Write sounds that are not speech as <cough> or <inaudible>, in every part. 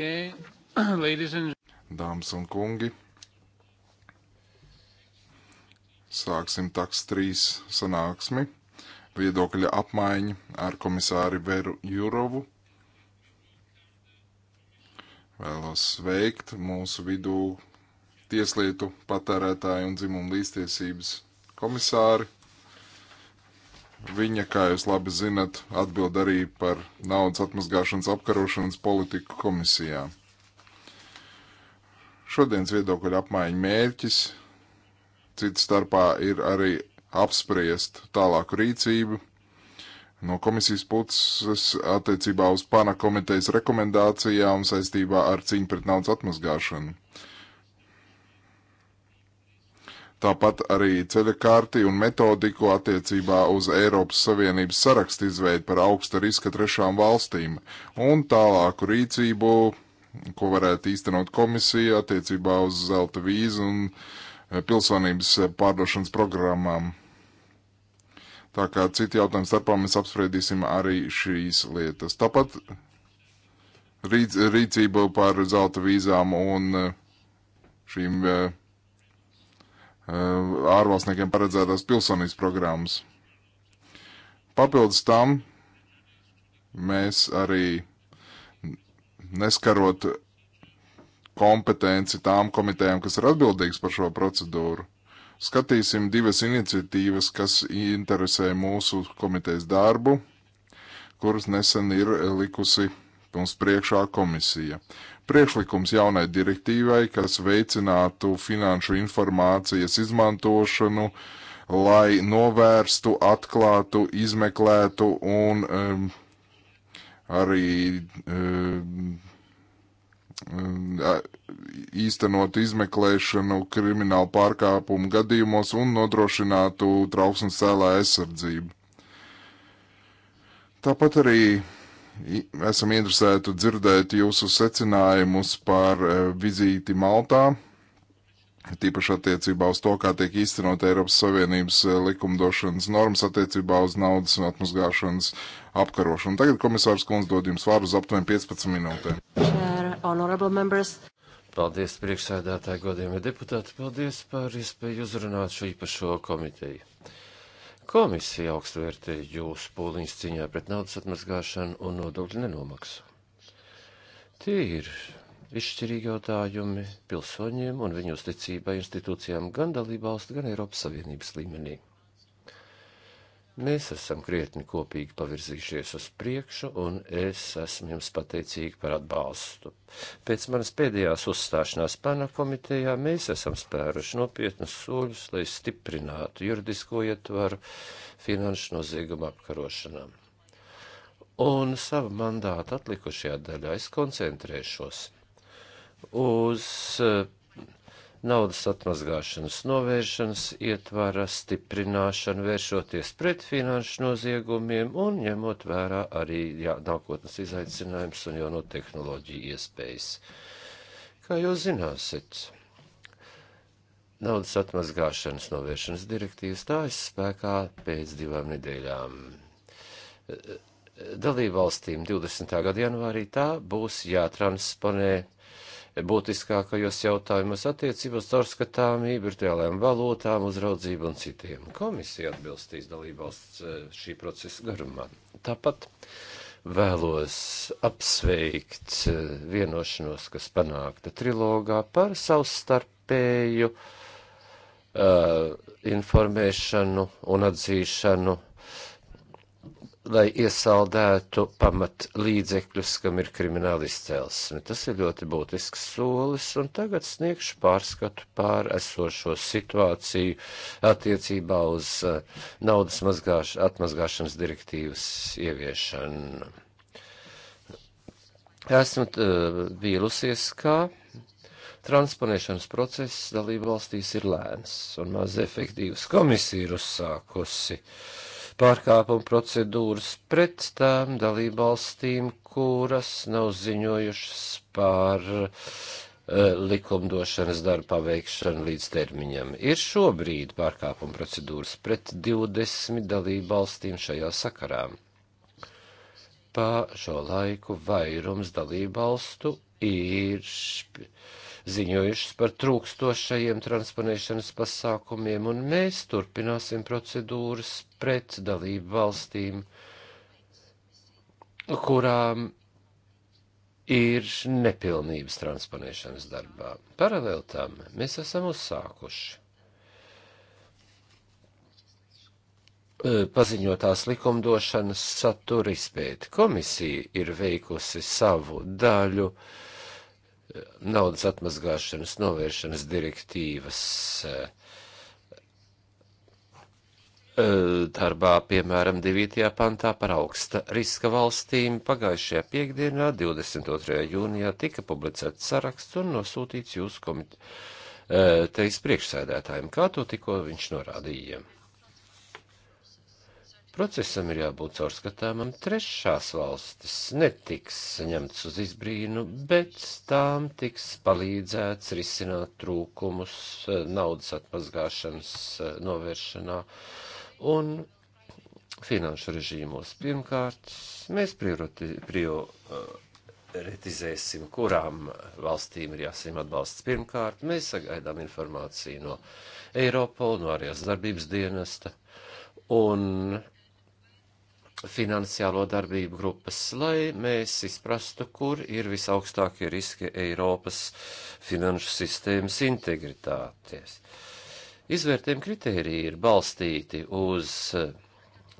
Okay. <clears throat> Ladies and... Dāmas un kungi, sāksim taks trīs sanāksmi. Viedokļa apmaiņa ar komisāri Veru Jurovu. Vēlos sveikt mūsu vidū tieslietu patērētāju un dzimumu līdztiesības komisāri Viņa, kā jūs labi zinat, atbild arī par naudas atmazgāšanas apkarošanas politiku komisijā. Šodienas viedokļa apmaiņa mērķis cits starpā ir arī apspriest tālāku rīcību no komisijas puses attiecībā uz pana komitejas rekomendācijām saistībā ar cīņu pret naudas atmazgāšanu tāpat arī ceļa kārti un metodiku attiecībā uz Eiropas Savienības sarakstu izveidu par augsta riska trešām valstīm un tālāku rīcību, ko varētu īstenot komisija attiecībā uz zelta vīzu un e, pilsonības pārdošanas programmām. Tā kā citu jautājumu starpā mēs apspriedīsim arī šīs lietas. Tāpat rīcību par zelta vīzām un e, šīm uh, Eh, ārvalstniekiem paredzētās pilsonības programmas. Papildus tam mēs arī neskarot kompetenci tām komitējām, kas ir atbildīgas par šo procedūru. Skatīsim divas iniciatīvas, kas interesē mūsu komitejas darbu, kuras nesen ir likusi mums priekšā komisija priekšlikums jaunai direktīvai, kas veicinātu finanšu informācijas izmantošanu, lai novērstu, atklātu, izmeklētu un um, arī um, um īstenot izmeklēšanu kriminālu pārkāpumu gadījumos un nodrošinātu trauksmes cēlā aizsardzību. Tāpat arī esam interesēti dzirdēt jūsu secinājumus par e, vizīti Maltā, tīpaši attiecībā uz to, kā tiek īstenot Eiropas Savienības e, likumdošanas normas attiecībā uz naudas un atmazgāšanas apkarošanu. Tagad komisārs Kunz dod jums vārdu uz aptuveni 15 minūtēm. Chair, Paldies priekšsēdētāji, godījumie deputāti, paldies par iespēju uzrunāt šo īpašo komiteju. Komisija augstu vērtē jūsu pūliņus cīņā pret naudas atmazgāšanu un nodokļu nenomaksu. Tie ir izšķirīgi jautājumi pilsoņiem un viņu uzticībai institūcijām gan dalībvalstu, gan Eiropas Savienības līmenī. Mēs esam krietni kopīgi pavirzījušies uz priekšu, un es esmu jums pateicīgi par atbalstu. Pēc manas pēdējās uzstāšanās pana komitejā mēs esam spēruši nopietnus soļus, lai stiprinātu juridisko ietvaru finanšu noziegumu apkarošanām. Un savu mandātu atlikušajā daļā es koncentrēšos uz eh, naudas atmazgāšanas novēršanas ietvara stiprināšanu, vēršoties pret finanšu noziegumiem un ņemot vērā arī jā, nākotnes izaicinājums un jauno tehnoloģiju iespējas. Kā jūs zināsiet, naudas atmazgāšanas novēršanas direktīvas stājas spēkā pēc divām nedēļām. Dalībvalstīm 20. gada janvārī tā būs jātransponē būtiskākajos jautājumos attiecībā uz caurskatāmību, virtuālajām valūtām, uzraudzību un citiem. Komisija atbilstīs dalībvalsts eh, šī procesa garumā. Tāpat vēlos apsveikt eh, vienošanos, kas panākta trilogā par savstarpēju uh, informēšanu un atzīšanu lai iesaldētu pamat līdzekļus, kam ir krimināla izcelsme. Tas ir ļoti būtisks solis, un tagad sniegšu pārskatu pār esošo situāciju attiecībā uz eh, naudas mazgāš, atmazgāšanas direktīvas ieviešanu. Esmu eh, vīlusies, ka transponēšanas process dalību valstīs ir lēns un maz efektīvs. Komisija ir uzsākusi uh, pārkāpuma procedūras pret tām dalībvalstīm, kuras nav ziņojušas par eh, likumdošanas darbu paveikšanu līdz termiņam. Ir šobrīd pārkāpuma procedūras pret 20 dalību valstīm šajā sakarā. Pa šo laiku vairums dalību valstu ir ziņojušas par trūkstošajiem transponēšanas pasākumiem, un mēs turpināsim procedūras pret dalību valstīm, kurām ir nepilnības transponēšanas darbā. Paralēl tam mēs esam uzsākuši e, paziņotās likumdošanas satura izpēti. Komisija ir veikusi savu daļu uh, naudas atmazgāšanas novēršanas direktīvas eh, eh, darbā, piemēram, 9. pantā par augsta riska valstīm pagājušajā piekdienā, 22. jūnijā, tika publicēts saraksts un nosūtīts jūsu komitejas eh, priekšsēdētājiem, kā to tikko viņš norādīja. Procesam ir jābūt caurskatāmam. Trešās valstis netiks ņemts uz izbrīnu, bet tām tiks palīdzēts risināt trūkumus eh, naudas atmazgāšanas eh, novēršanā un finanšu režīmos. Pirmkārt, mēs prioriti, prior, retizēsim, kurām valstīm ir jāsim atbalsts pirmkārt. Mēs sagaidām informāciju no Eiropola, no ārējās darbības dienesta, un finansiālo darbību grupas, lai mēs izprastu, kur ir visaugstākie riski Eiropas finanšu sistēmas integritāties. Izvērtējuma kritēriji ir balstīti uz eh,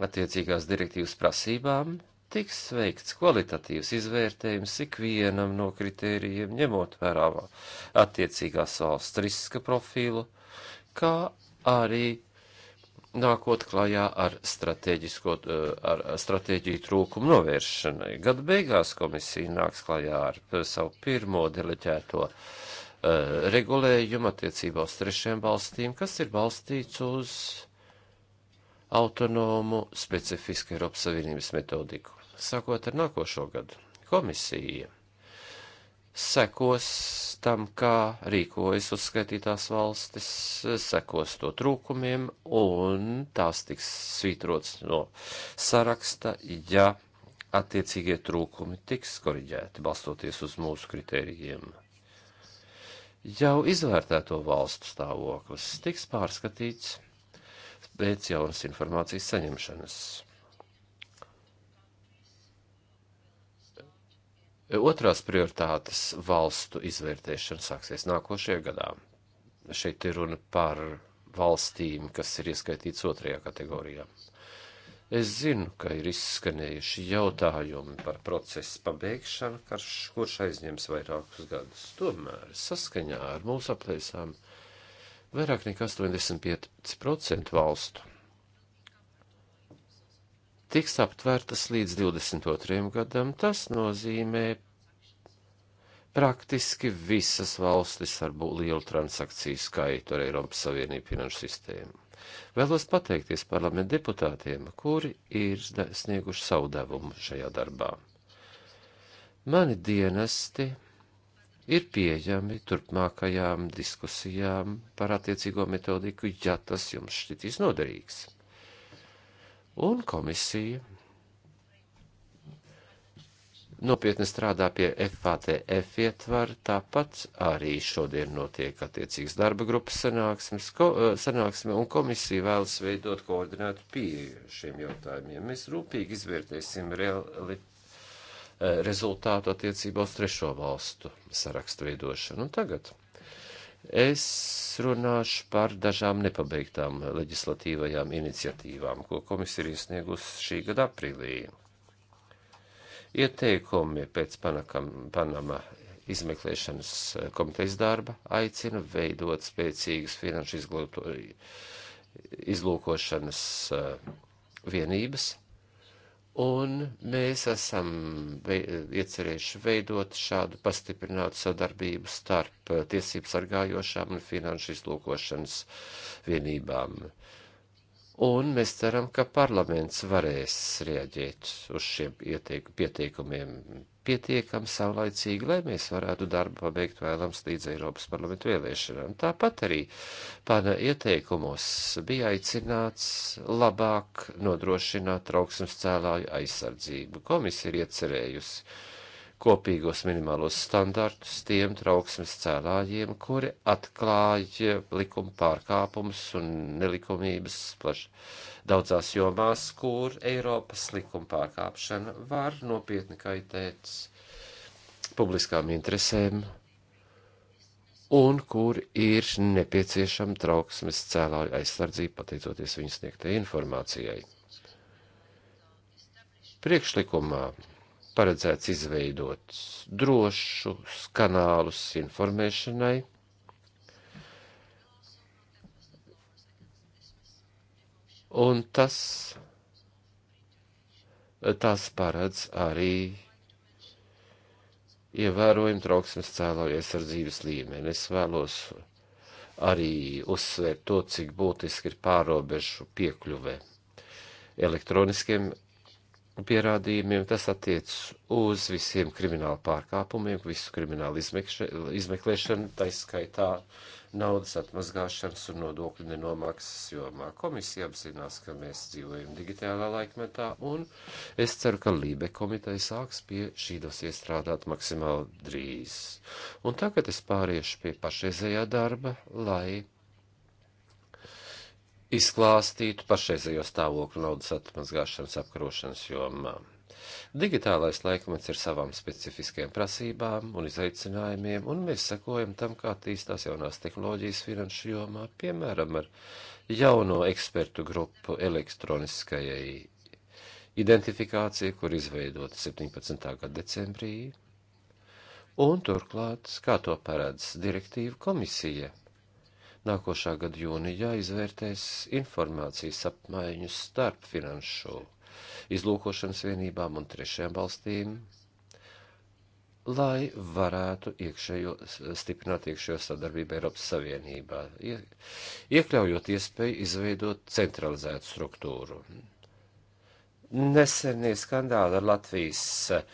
attiecīgās direktīvas prasībām, tiks veikts kvalitatīvs izvērtējums ikvienam no kritērijiem, ņemot vērā attiecīgās valsts riska profilu, kā arī nākot klajā ar, eh, ar stratēģiju trūkumu novēršanai. Gada beigās komisija nāks klajā ar savu pirmo deleģēto uh, regulējumu attiecībā uz trešiem valstīm, kas ir balstīts uz autonomu specifisku Eiropas Savienības metodiku. Sākot ar nākošo gadu, komisija sekos tam, kā rīkojas uzskaitītās valstis, sekos to trūkumiem, un tās tiks svītrots no saraksta, ja attiecīgie trūkumi tiks koriģēti, balstoties uz mūsu kritērijiem. Jau izvērtēto valstu stāvoklis tiks pārskatīts pēc jaunas informācijas saņemšanas Otrās prioritātes valstu izvērtēšana sāksies nākošajā gadā. Šeit ir runa par valstīm, kas ir ieskaitīts otrajā kategorijā. Es zinu, ka ir izskanējuši jautājumi par procesu pabeigšanu, karš, kurš aizņems vairākus gadus. Tomēr saskaņā ar mūsu aplēsām vairāk nekā 85% valstu tiks aptvērtas līdz 22. gadam. Tas nozīmē praktiski visas valstis ar lielu transakciju skaitu ar Eiropas Savienību finanšu sistēmu. Vēlos pateikties parlamentu deputātiem, kuri ir snieguši savu devumu šajā darbā. Mani dienesti ir pieejami turpmākajām diskusijām par attiecīgo metodiku, ja tas jums šķitīs noderīgs. Un komisija nopietni strādā pie FATF ietvara, tāpat arī šodien notiek attiecīgs darba grupas sanāksmes, ko, eh, sanāksme, un komisija vēlas veidot koordinētu pieeju šiem jautājumiem. Mēs rūpīgi izvērtēsim reali eh, rezultātu attiecībā uz trešo valstu sarakstu veidošanu. Un tagad Es runāšu par dažām nepabeigtām leģislatīvajām iniciatīvām, ko komisija ir iesniegusi šī gada aprīlī. Ieteikumi pēc Panakam, Panama izmeklēšanas komitejas darba aicina veidot spēcīgas finanšu izglūto, izlūkošanas eh, vienības, Un mēs esam iecerējuši veidot šādu pastiprinātu sadarbību starp eh, tiesību sargājošām un finanšu izlūkošanas vienībām. Un mēs ceram, ka parlaments varēs rieģēt uz šiem pieteikumiem pietiekami saulaicīgi, lai mēs varētu darbu pabeigt vēlams līdz Eiropas parlamentu vēlēšanām. Tāpat arī pana ieteikumos bija aicināts labāk nodrošināt trauksmes cēlāju aizsardzību. Komisija ir iecerējusi kopīgos minimālos standartus tiem trauksmes cēlājiem, kuri atklāja likuma pārkāpumus un nelikumības plaši daudzās jomās, kur Eiropas likuma pārkāpšana var nopietni kaitēt publiskām interesēm un kur ir nepieciešama trauksmes cēlāju aizsardzība pateicoties viņas sniegtajai informācijai. Priekšlikumā paredzēts izveidot drošus kanālus informēšanai un tas tās paredz arī ievērojami trauksmes cēlāju aizsardzības līmeni. Es vēlos arī uzsvērt to, cik būtiski ir pārobežu piekļuve elektroniskiem pierādījumiem, tas attiecas uz visiem kriminālu pārkāpumiem, visu kriminālu izmeklēšanu, taiskaitā naudas atmazgāšanas un nodokļu nenomāksas jomā. Komisija apzinās, ka mēs dzīvojam digitālā laikmetā, un es ceru, ka Lībe komiteja sāks pie šī dosie strādāt maksimāli drīz. Un tagad es pāriešu pie pašreizējā darba, lai izklāstītu pašreizējo stāvokli naudas atmazgāšanas apkarošanas jomā. Digitālais laikmets ir savām specifiskajām prasībām un izaicinājumiem, un mēs sekojam tam, kā attīstās jaunās tehnoloģijas finanšu jomā, piemēram, ar jauno ekspertu grupu elektroniskajai identifikācijai, kur izveidota 17. gada decembrī, un turklāt, kā to paredz direktīva komisija, nākošā gada jūnijā izvērtēs informācijas apmaiņu starp finanšu izlūkošanas vienībām un trešajām valstīm, lai varētu iekšējo, stiprināt iekšējo sadarbību Eiropas Savienībā, iekļaujot iespēju izveidot centralizētu struktūru. Nesenie skandāli ar Latvijas eh,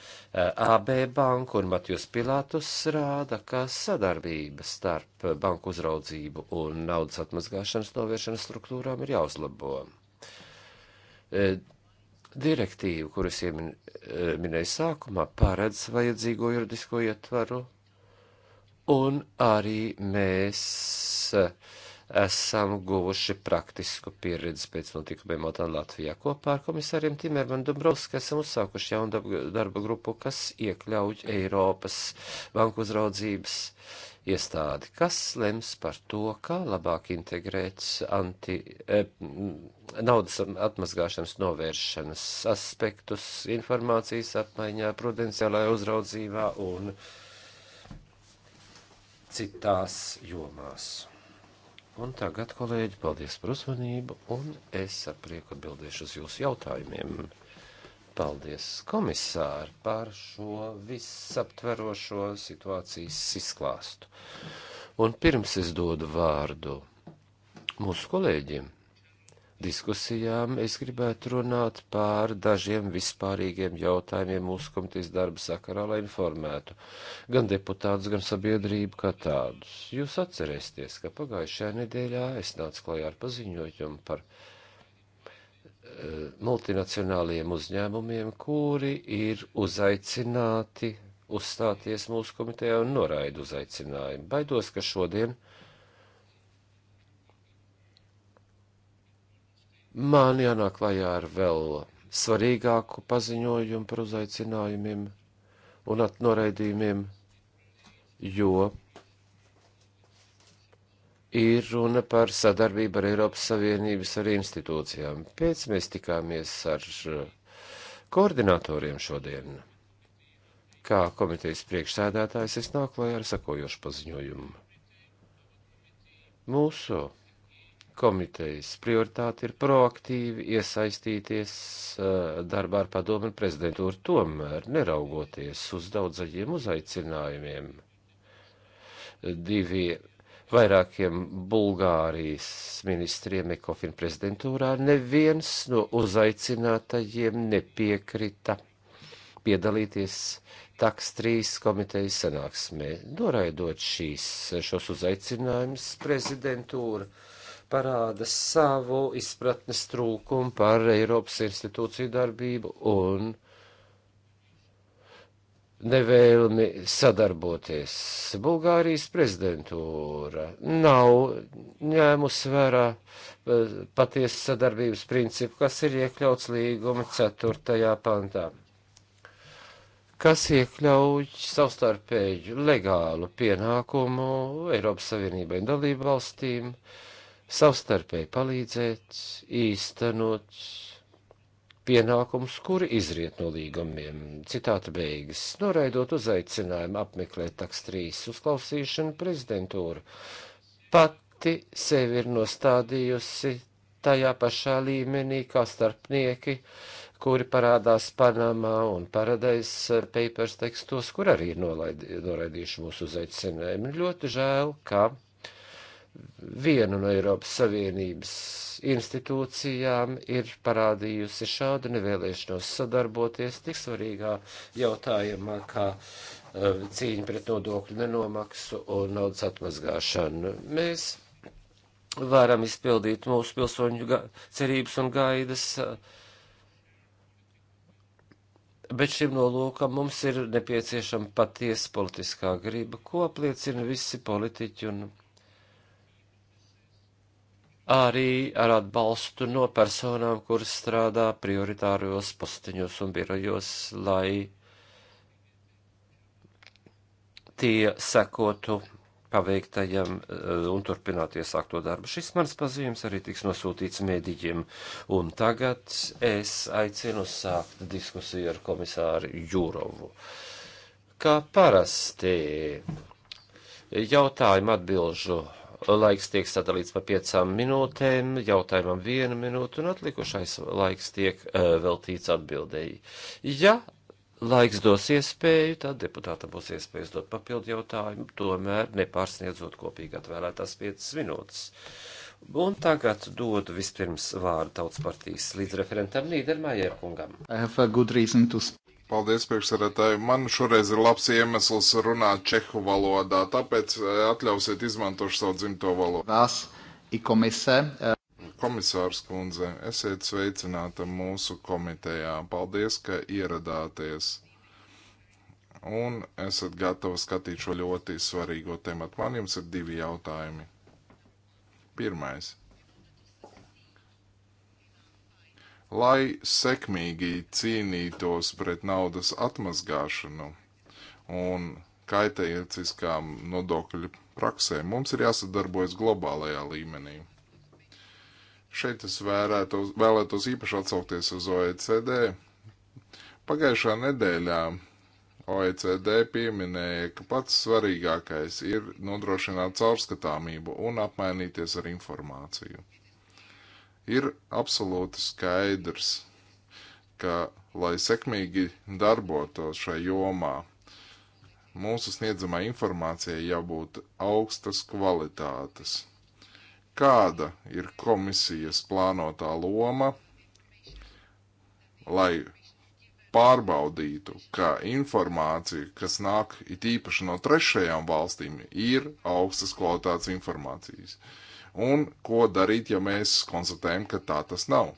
AB banku un Matjus Pilātus rāda, ka sadarbība starp banku uzraudzību un naudas atmazgāšanas novēršanas struktūrām ir jāuzlabo. Eh, direktīva, kuras ieminēju eh, sākumā, paredz vajadzīgo juridisko ietvaru, un arī mēs uh, esam guvuši praktisku pieredzi pēc notikumiem Otan Latvijā. Kopā ar komisāriem Timermanu Dombrovski esam uzsākuši jaunu darba grupu, kas iekļauj Eiropas banku uzraudzības iestādi, kas lems par to, kā labāk integrēt anti, eh, naudas atmazgāšanas novēršanas aspektus informācijas apmaiņā, prudenciālajā uzraudzībā un citās jomās. Un tagad, kolēģi, paldies par uzmanību, un es ar prieku atbildēšu uz jūsu jautājumiem. Paldies, komisāri, par šo visaptverošo situācijas izklāstu. Un pirms es dodu vārdu mūsu kolēģiem, diskusijām, es gribētu runāt pār dažiem vispārīgiem jautājumiem mūsu komitejas darba sakarā, lai informētu gan deputātus, gan sabiedrību kā tādus. Jūs atcerēsieties, ka pagājušajā nedēļā es nācu klajā ar paziņojumu par eh, multinacionāliem uzņēmumiem, kuri ir uzaicināti uzstāties mūsu komitejā un noraida uzaicinājumu. Baidos, ka šodien uh, Man jānāk klajā ar vēl svarīgāku paziņojumu par uzaicinājumiem un atnoraidījumiem, jo ir runa par sadarbību ar Eiropas Savienības ar institūcijām. Pēc mēs tikāmies ar eh, koordinatoriem šodien. Kā komitejas priekšsēdētājs es nāku lai ar sakojošu paziņojumu. Mūsu komitejas prioritāte ir proaktīvi iesaistīties uh, darbā ar padomu un prezidentūru, tomēr neraugoties uz daudzajiem uzaicinājumiem. Divi vairākiem Bulgārijas ministriem Ekofin prezidentūrā neviens no uzaicinātajiem nepiekrita piedalīties taks trīs komitejas sanāksmē. Noraidot šīs, šos uzaicinājumus, prezidentūra uh, parāda savu izpratnes trūkumu par Eiropas institūciju darbību un nevēlmi sadarboties. Bulgārijas prezidentūra nav ņēmus vērā eh, patiesas sadarbības principu, kas ir iekļauts līguma 4. pantā kas iekļauj savstarpēju legālu pienākumu Eiropas Savienībai un dalību valstīm uh, savstarpēji palīdzēt, īstenot pienākumus, kuri izriet no līgumiem. Citāta beigas. Noraidot uzaicinājumu apmeklēt taks trīs uzklausīšanu prezidentūru, pati sevi ir nostādījusi tajā pašā līmenī kā starpnieki, kuri parādās Panamā un Paradise Papers tekstos, kur arī ir nolaidījuši mūsu uzaicinājumu. Ļoti žēl, ka vienu no Eiropas Savienības institūcijām ir parādījusi šādu nevēlēšanos sadarboties tik svarīgā jautājumā, kā uh, cīņa pret nodokļu nenomaksu un naudas atmazgāšanu. Mēs varam izpildīt mūsu pilsoņu cerības un gaidas. Uh, Bet šim nolūkam mums ir nepieciešama patiesa politiskā griba, ko apliecina visi politiķi un arī ar atbalstu no personām, kuras strādā prioritāros postiņos un birojos, lai tie sekotu paveiktajam eh, un turpinātu iesākto darbu. Šis mans pazīmes arī tiks nosūtīts mēdīģiem. Un tagad es aicinu sākt diskusiju ar komisāru Jūrovu. Kā parasti jautājumu atbilžu Laiks tiek sadalīts pa piecām minūtēm, jautājumam vienu minūtu, un atlikušais laiks tiek uh, veltīts atbildēji. Ja laiks dos iespēju, tad deputātam būs iespēja uzdot papildu jautājumu, tomēr nepārsniedzot kopīgi atvēlētās piecas minūtes. Un tagad dodu vispirms vārdu tautas partijas līdzreferentam Nīdermājai kungam. To... Paldies, priekšsarētāji. Man šoreiz ir labs iemesls runāt čehu valodā, tāpēc e, atļausiet izmantošu savu dzimto valodu. Tās i komisē. E, Komisārs kundze, esiet sveicināta mūsu komitejā. Paldies, ka ieradāties. Un esat gatava skatīt šo ļoti svarīgo tematu. Man jums ir divi jautājumi. Pirmais. lai sekmīgi cīnītos pret naudas atmazgāšanu un kaitējieciskām nodokļu praksēm. Mums ir jāsadarbojas globālajā līmenī. Šeit es vērētos, vēlētos īpaši atsaukties uz OECD. Pagājušā nedēļā OECD pieminēja, ka pats svarīgākais ir nodrošināt caurskatāmību un apmainīties ar informāciju. Ir absolūti skaidrs, ka, lai sekmīgi darbotos šajā jomā, mūsu sniedzamā informācija jābūt augstas kvalitātes. Kāda ir komisijas plānotā loma, lai pārbaudītu, ka informācija, kas nāk it īpaši no trešajām valstīm, ir augstas kvalitātes informācijas? Uh, un ko darīt, ja mēs konstatējam, ka tā tas nav.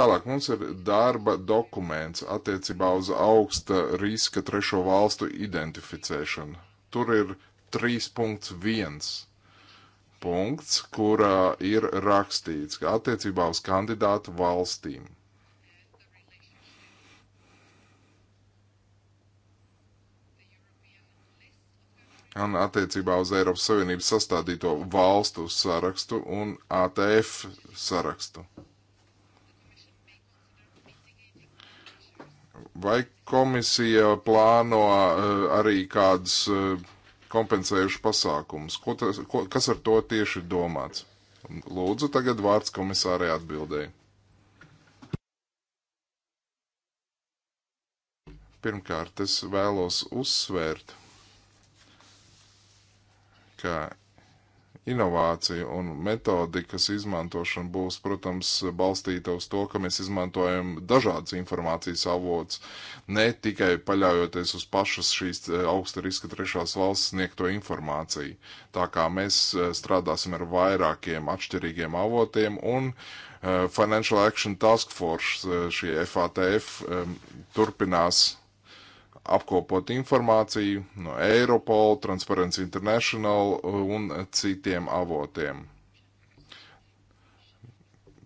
Tālāk mums ir darba dokuments attiecībā uz augsta riska trešo valstu identificēšanu. Tur ir 3.1 punkts, kurā ir rakstīts, ka attiecībā uz kandidātu valstīm un attiecībā uz Eiropas Savienības sastādīto valstu sarakstu un ATF sarakstu. Vai komisija plāno eh, arī kādus eh, kompensējušus pasākumus? Ko tas, ko, kas ar to tieši ir domāts? Lūdzu, tagad vārds komisārai atbildēji. Pirmkārt, es vēlos uzsvērt, ka inovācija un metodikas izmantošana būs, protams, balstīta uz to, ka mēs izmantojam dažādas informācijas avots, ne tikai paļaujoties uz pašas šīs e, augsta riska trešās valsts sniegto informāciju. Tā kā mēs e, strādāsim ar vairākiem atšķirīgiem avotiem un e, Financial Action Task Force, šī FATF, turpinās apkopot informāciju no Europol, Transparency International uh, un citiem avotiem.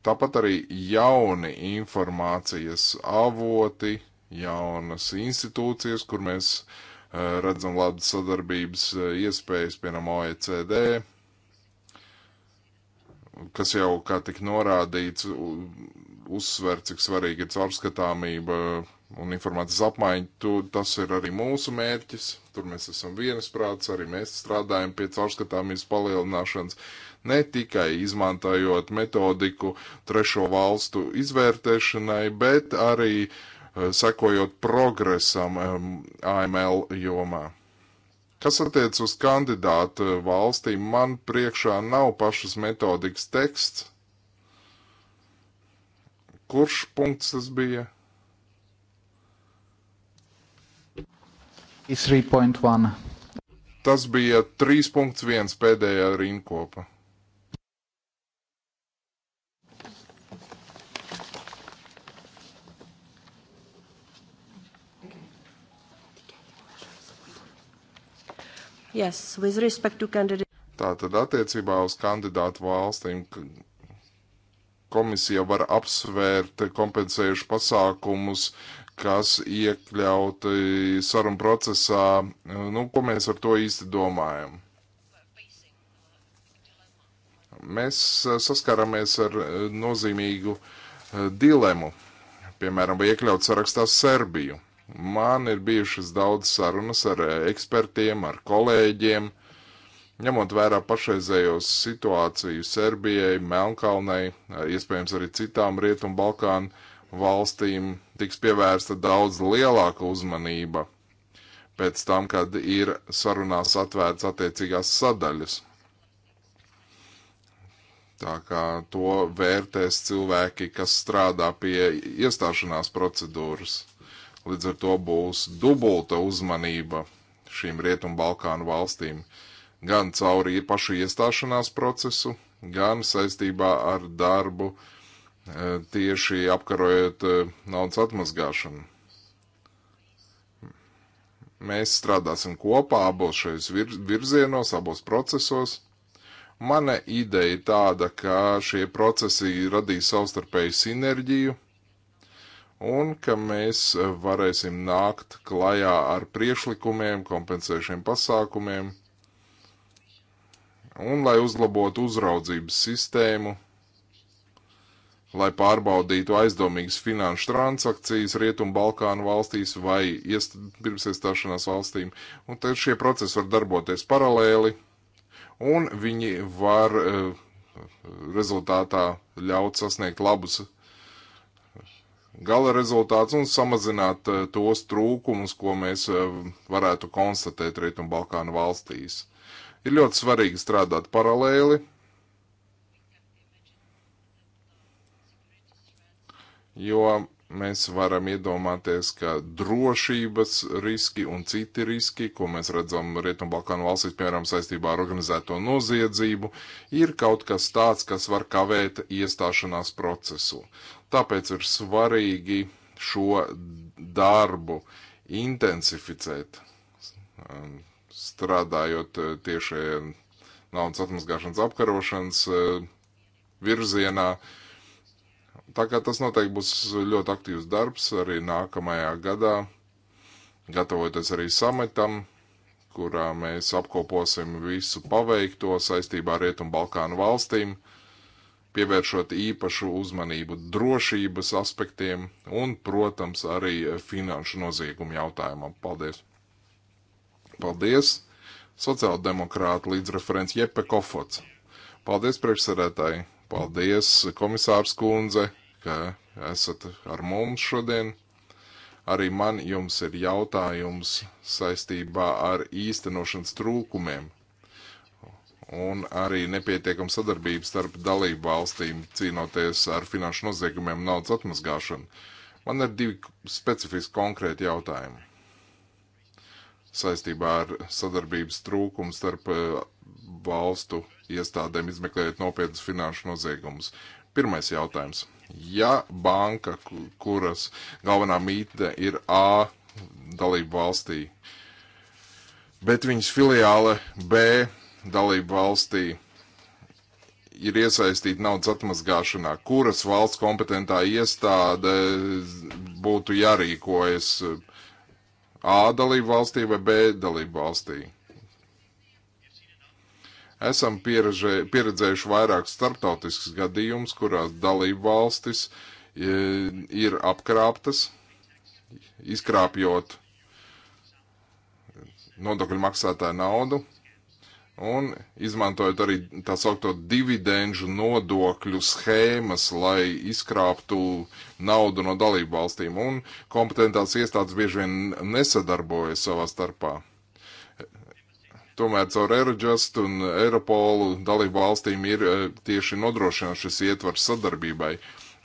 Tāpat arī jauni informācijas avoti, jaunas institūcijas, kur mēs uh, redzam labas sadarbības uh, iespējas, piemēram, OECD, kas jau, kā tik norādīts, uzsver, cik svarīgi ir caurskatāmība un informācijas apmaiņa, tu, tas ir arī mūsu mērķis, tur mēs esam vienisprāts, arī mēs strādājam pie caurskatāmības palielināšanas, ne tikai izmantojot metodiku trešo valstu izvērtēšanai, bet arī uh, sekojot progresam um, AML jomā. Kas attiec uz kandidātu valstīm, man priekšā nav pašas metodikas teksts. Kurš punkts tas bija? 3.1. Tas bija 3.1 pēdējā rinkopa. Yes, with respect to candidate. Tātad attiecībā uz kandidātu valstīm komisija var apsvērt kompensējuši pasākumus kas iekļauti sarunu procesā, eh, nu, ko mēs ar to īsti domājam. Mēs eh, saskārāmies ar eh, nozīmīgu dilemu, piemēram, vai iekļaut sarakstā Serbiju. Man ir bijušas daudz sarunas ar ekspertiem, ar kolēģiem, ņemot vērā pašreizējos situāciju Serbijai, Melnkalnei, iespējams arī citām Rietumu Balkānu valstīm tiks pievērsta daudz lielāka uzmanība pēc tam, kad ir sarunās atvērts attiecīgās sadaļas. Tā kā to vērtēs cilvēki, kas strādā pie iestāšanās procedūras. Līdz ar to būs dubulta uzmanība šīm Rietumu Balkānu valstīm gan cauri pašu iestāšanās procesu, gan saistībā ar darbu uh, tieši apkarojot naudas atmazgāšanu. Mēs strādāsim kopā abos šajos virzienos, abos procesos. Mana ideja ir tāda, ka šie procesi radīs savstarpēju sinerģiju un ka mēs varēsim nākt klajā ar priešlikumiem, kompensējušiem pasākumiem un lai uzlabotu uzraudzības sistēmu lai pārbaudītu aizdomīgas finanšu transakcijas Rietumbalkānu valstīs vai pirms iestāšanās valstīm. Un tad šie procesi var darboties paralēli, un viņi var eh, rezultātā ļaut sasniegt labus eh, gala rezultāts un samazināt eh, tos trūkumus, ko mēs varētu konstatēt Rietumbalkānu valstīs. Ir ļoti svarīgi strādāt paralēli jo mēs varam iedomāties, ka drošības riski un citi riski, ko mēs redzam Rietumbalkānu valstīs, piemēram, saistībā ar organizēto noziedzību, ir kaut kas tāds, kas var kavēt iestāšanās procesu. Tāpēc ir svarīgi šo darbu intensificēt, um, strādājot uh, tieši naudas atmazgāšanas apkarošanas uh, virzienā, uh, Tā kā tas noteikti būs ļoti aktīvs darbs arī nākamajā gadā, gatavoties arī sametam, kurā mēs apkoposim visu paveikto saistībā ar Rietumu Balkānu valstīm, pievēršot īpašu uzmanību drošības aspektiem un, protams, arī finanšu noziegumu jautājumam. Paldies! Paldies! Sociāldemokrāta līdzreferents Jepe Kofots. Paldies priekšsarētāji! Paldies, komisārs kundze, ka esat ar mums šodien. Arī man jums ir jautājums saistībā ar īstenošanas trūkumiem un arī nepietiekama sadarbība starp dalību valstīm cīnoties ar finanšu noziegumiem un naudas atmazgāšanu. Man ir divi specifiski konkrēti jautājumi saistībā ar sadarbības trūkumu starp eh, valstu iestādēm izmeklējot nopietnas finanšu noziegumus. Pirmais jautājums. Ja banka, kuras galvenā mītne ir A dalību valstī, bet viņas filiāle B dalību valstī ir iesaistīta naudas atmazgāšanā, kuras valsts kompetentā iestāde būtu jārīkojas A dalību valstī vai B dalību valstī? Esam pieredzē, pieredzējuši vairākus starptautiskus gadījumus, kurās dalību valstis e, ir apkrāptas, izkrāpjot nodokļu maksātāju naudu un izmantojot arī tā saukto dividendžu nodokļu schēmas, lai izkrāptu naudu no dalību valstīm, un kompetentās iestādes bieži vien nesadarbojas savā starpā. Tomēr caur Eurojust un Europolu dalību valstīm ir eh, tieši nodrošināts šis ietvars sadarbībai.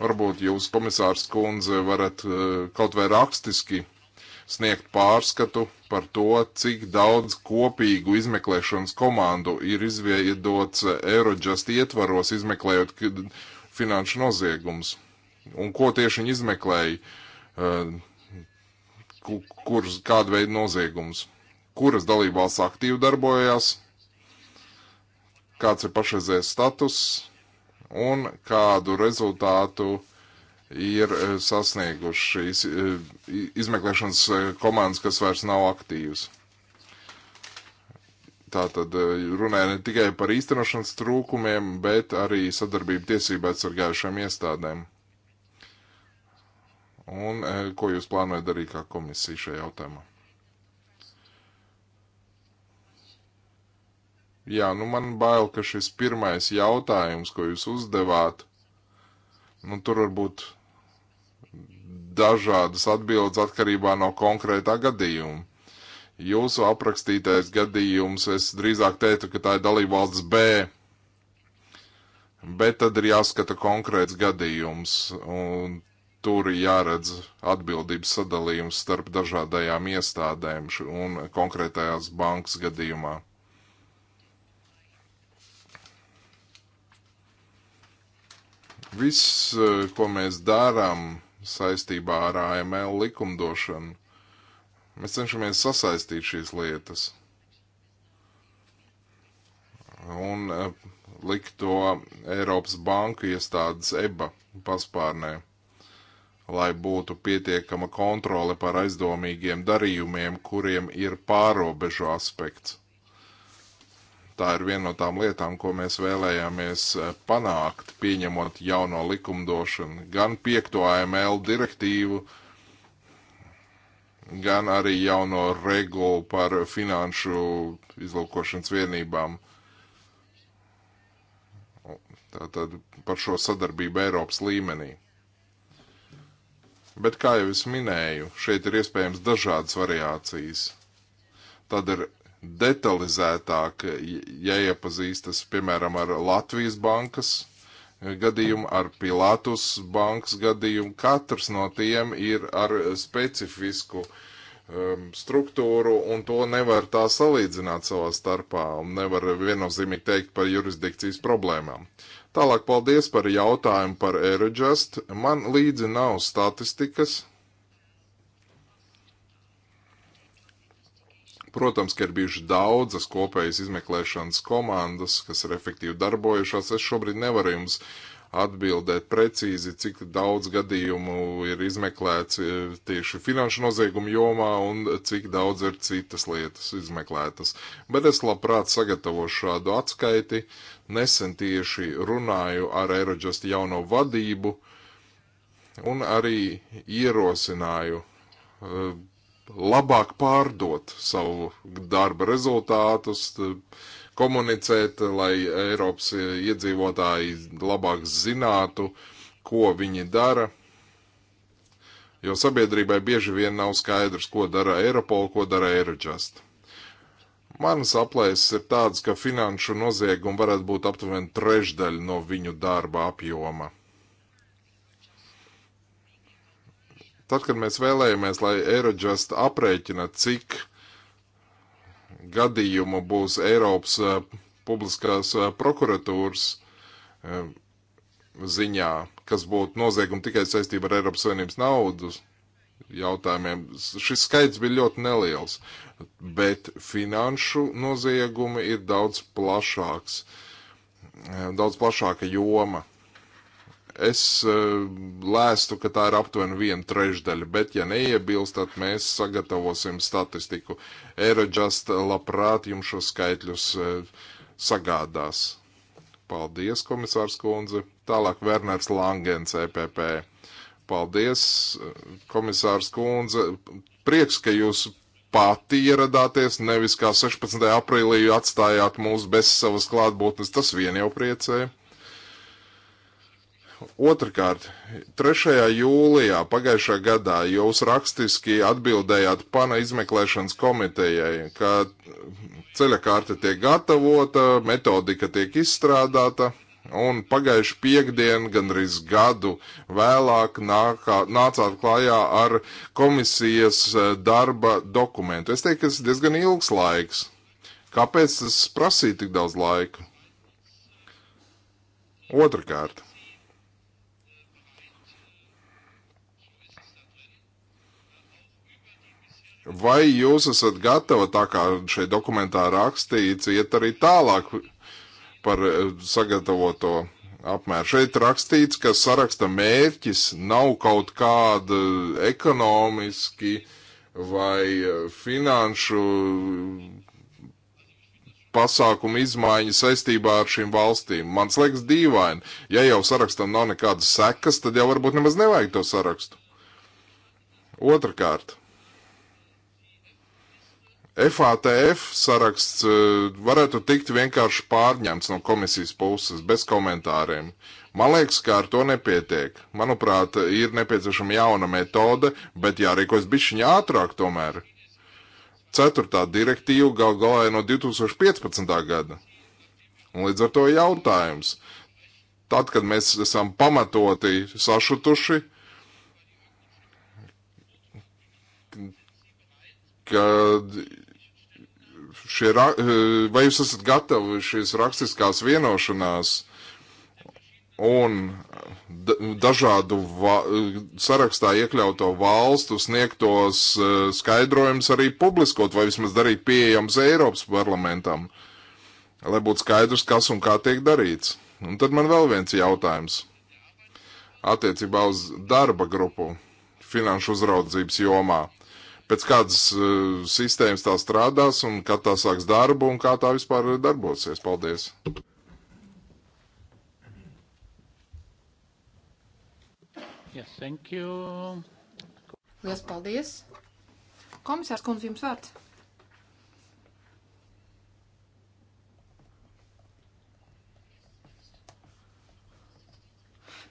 Varbūt jūs, komisārs Kunze, varat eh, kaut vai rakstiski sniegt pārskatu par to, cik daudz kopīgu izmeklēšanas komandu ir izveidots Eurojust ietvaros, izmeklējot finanšu noziegumus. Un ko tieši viņi izmeklēja, eh, kur, kādu veidu noziegumus kuras dalībvalsts aktīvi darbojās, kāds ir pašreizējais status un kādu rezultātu ir e, sasnieguši e, iz, izmeklēšanas e, komandas, kas vairs nav aktīvas. Tātad runāja ne tikai par īstenošanas trūkumiem, bet arī sadarbību tiesību aizsargājušām iestādēm. Un ko jūs plānojat darīt kā komisija šajā jautājumā? Jā, nu man bail, ka šis pirmais jautājums, ko jūs uzdevāt, nu tur varbūt dažādas atbildes atkarībā no konkrētā gadījuma. Jūsu aprakstītais gadījums, es drīzāk teiktu, ka tā ir dalībvalsts B, bet tad ir jāskata konkrēts gadījums, un tur jāredz atbildības sadalījums starp dažādajām iestādēm un konkrētajās bankas gadījumā. Viss, eh, ko mēs darām saistībā ar AML likumdošanu, mēs cenšamies sasaistīt šīs lietas un eh, likt to Eiropas banku iestādes EBA paspārnē, lai būtu pietiekama kontrole par aizdomīgiem darījumiem, kuriem ir pārobežu aspekts. Tā ir viena no tām lietām, ko mēs vēlējāmies eh, panākt, pieņemot jauno likumdošanu, gan 5. AML direktīvu, gan arī jauno regulu par finanšu izlūkošanas vienībām. Tātad par šo sadarbību Eiropas līmenī. Bet, kā jau es minēju, šeit ir iespējams dažādas variācijas. Tad ir detalizētāk jāiepazīstas, piemēram, ar Latvijas bankas gadījumu, ar Pilātus bankas gadījumu. Katrs no tiem ir ar specifisku um, struktūru, un to nevar tā salīdzināt savā starpā, un nevar viennozīmīgi teikt par jurisdikcijas problēmām. Tālāk paldies par jautājumu par Eurojust. Man līdzi nav statistikas, Protams, ka ir bijušas daudzas kopējas izmeklēšanas komandas, kas ir efektīvi darbojušās. Es šobrīd nevaru jums atbildēt precīzi, cik daudz gadījumu ir izmeklēts e, tieši finanšu noziegumu jomā un cik daudz ir citas lietas izmeklētas. Bet es labprāt sagatavošu šādu atskaiti. Nesen tieši runāju ar Eirodžast jauno vadību un arī ierosināju e, labāk pārdot savu darba rezultātus, komunicēt, lai Eiropas iedzīvotāji labāk zinātu, ko viņi dara. Jo sabiedrībai bieži vien nav skaidrs, ko dara Eiropola, ko dara Eirodžast. Manas aplēses ir tādas, ka finanšu noziegumi varētu būt aptuveni trešdaļa no viņu darba apjoma. Tad, kad mēs vēlējāmies, lai Eirodžast aprēķina, cik gadījumu būs Eiropas eh, publiskās eh, prokuratūras eh, ziņā, kas būtu noziegumi tikai saistībā ar Eiropas Savienības naudas jautājumiem. Šis skaits bija ļoti neliels, bet finanšu noziegumi ir daudz plašāks, daudz plašāka joma. Es eh, lēstu, ka tā ir aptuveni viena trešdaļa, bet, ja neiebilstat, mēs sagatavosim statistiku. Eirodžast labprāt jums šo skaitļus eh, sagādās. Paldies, komisārs Kundze. Tālāk Werners Langens, EPP. Paldies, komisārs Kundze. Prieks, ka jūs pati ieradāties, nevis kā 16. aprīlī atstājāt mūs bez savas klātbūtnes. Tas vien jau priecēja Otrakārt, 3. jūlijā pagājušā gadā jūs rakstiski atbildējāt pana izmeklēšanas komitejai, ka ceļa kārta tiek gatavota, metodika tiek izstrādāta, un pagājuši piekdien, gandrīz gadu vēlāk, nākā, nācāt klājā ar komisijas eh, darba dokumentu. Es teiktu, ka tas ir diezgan ilgs laiks. Kāpēc tas prasīja tik daudz laika? Otrakārt. Vai jūs esat gatava, tā kā šeit dokumentā rakstīts, iet arī tālāk par eh, sagatavoto apmēru? Šeit rakstīts, ka saraksta mērķis nav kaut kāda ekonomiski vai eh, finanšu pasākumu izmaiņa saistībā ar šīm valstīm. Man liekas, dīvaini. Ja jau sarakstam nav nekādas sekas, tad jau varbūt nemaz nevajag to sarakstu. Otrakārt, FATF saraksts eh, varētu tikt vienkārši pārņemts no komisijas puses bez komentāriem. Man liekas, ka ar to nepietiek. Manuprāt, ir nepieciešama jauna metode, bet jārīkojas bišķiņa ātrāk tomēr. Ceturtā direktīva gal galā ir no 2015. gada. Un līdz ar to jautājums. Tad, kad mēs esam pamatoti sašutuši, kad Šie, eh, vai jūs esat gatavi šīs rakstiskās vienošanās un dažādu va, eh, sarakstā iekļauto valstu sniegtos eh, skaidrojumus arī publiskot vai vismaz darīt pieejams Eiropas parlamentam, lai būtu skaidrs, kas un kā tiek darīts? Un tad man vēl viens jautājums attiecībā uz darba grupu finanšu uzraudzības jomā pēc kādas uh, sistēmas tā strādās un kad tā sāks darbu un kā tā vispār darbosies. Paldies! Yes, thank you. Lielas paldies! Komisārs kundze jums vārds.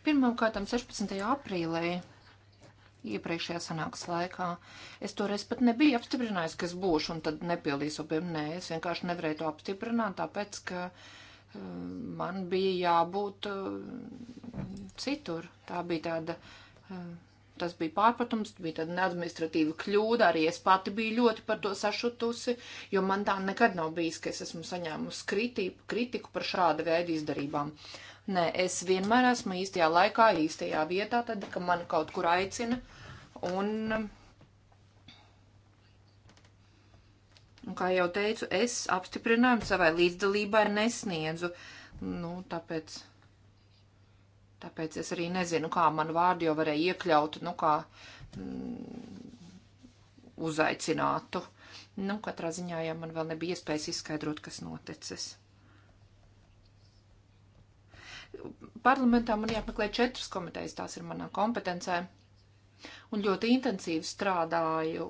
Pirmkārt, 16. aprīlī iepriekšējā sanāks laikā. Es toreiz pat nebiju apstiprinājis, ka es būšu, un tad nepildīju obiem. Nē, es vienkārši nevarēju to apstiprināt, tāpēc, ka eh, man bija jābūt eh, citur. Tā bija tāda, eh, tas bija pārpratums, bija tāda neadministratīva kļūda, arī es pati biju ļoti par to sašutusi, jo man tā nekad nav bijis, ka es esmu saņēmusi kritiku, kritiku par šāda veida izdarībām. Uh, Nē, es vienmēr esmu īstajā laikā, īstajā vietā, tad, kad man kaut kur aicina. Un, un kā jau teicu, es apstiprinājumu savai līdzdalībai nesniedzu. Nu, tāpēc, tāpēc es arī nezinu, kā man vārdi jau varēja iekļaut, nu, kā mm, uzaicinātu. Nu, katrā ziņā, ja man vēl nebija iespējas izskaidrot, kas noticis. Parlamentā man jāapmeklē četras komitejas, tās ir manā kompetencē. Un ļoti intensīvi strādāju,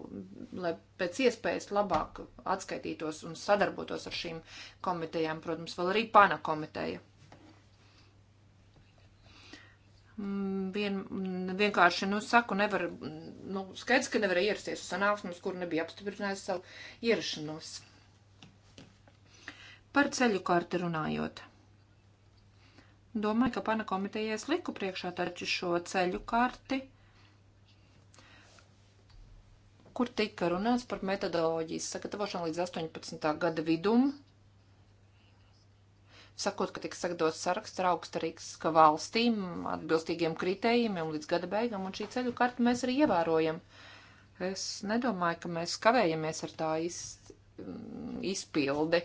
lai pēc iespējas labāk atskaitītos un sadarbotos ar šīm komitejām, protams, vēl arī pana komiteja. Mm, vien, vienkārši, nu, saku, nevar, nu, skaidrs, ka nevar ierasties uz sanāksmes, kur nebija apstiprinājis savu ierašanos. Par ceļu karti runājot. Domāju, ka pana komitejais liku priekšā taču šo ceļu karti, kur tika runāts par metodoloģijas sagatavošanu līdz 18. gada vidum, sakot, ka tiks sagatavots saraksts ar augstarīgska valstīm, atbilstīgiem kritējumiem līdz gada beigām, un šī ceļu karta mēs arī ievērojam. Es nedomāju, ka mēs kavējamies ar tā iz, Mm, izpildi.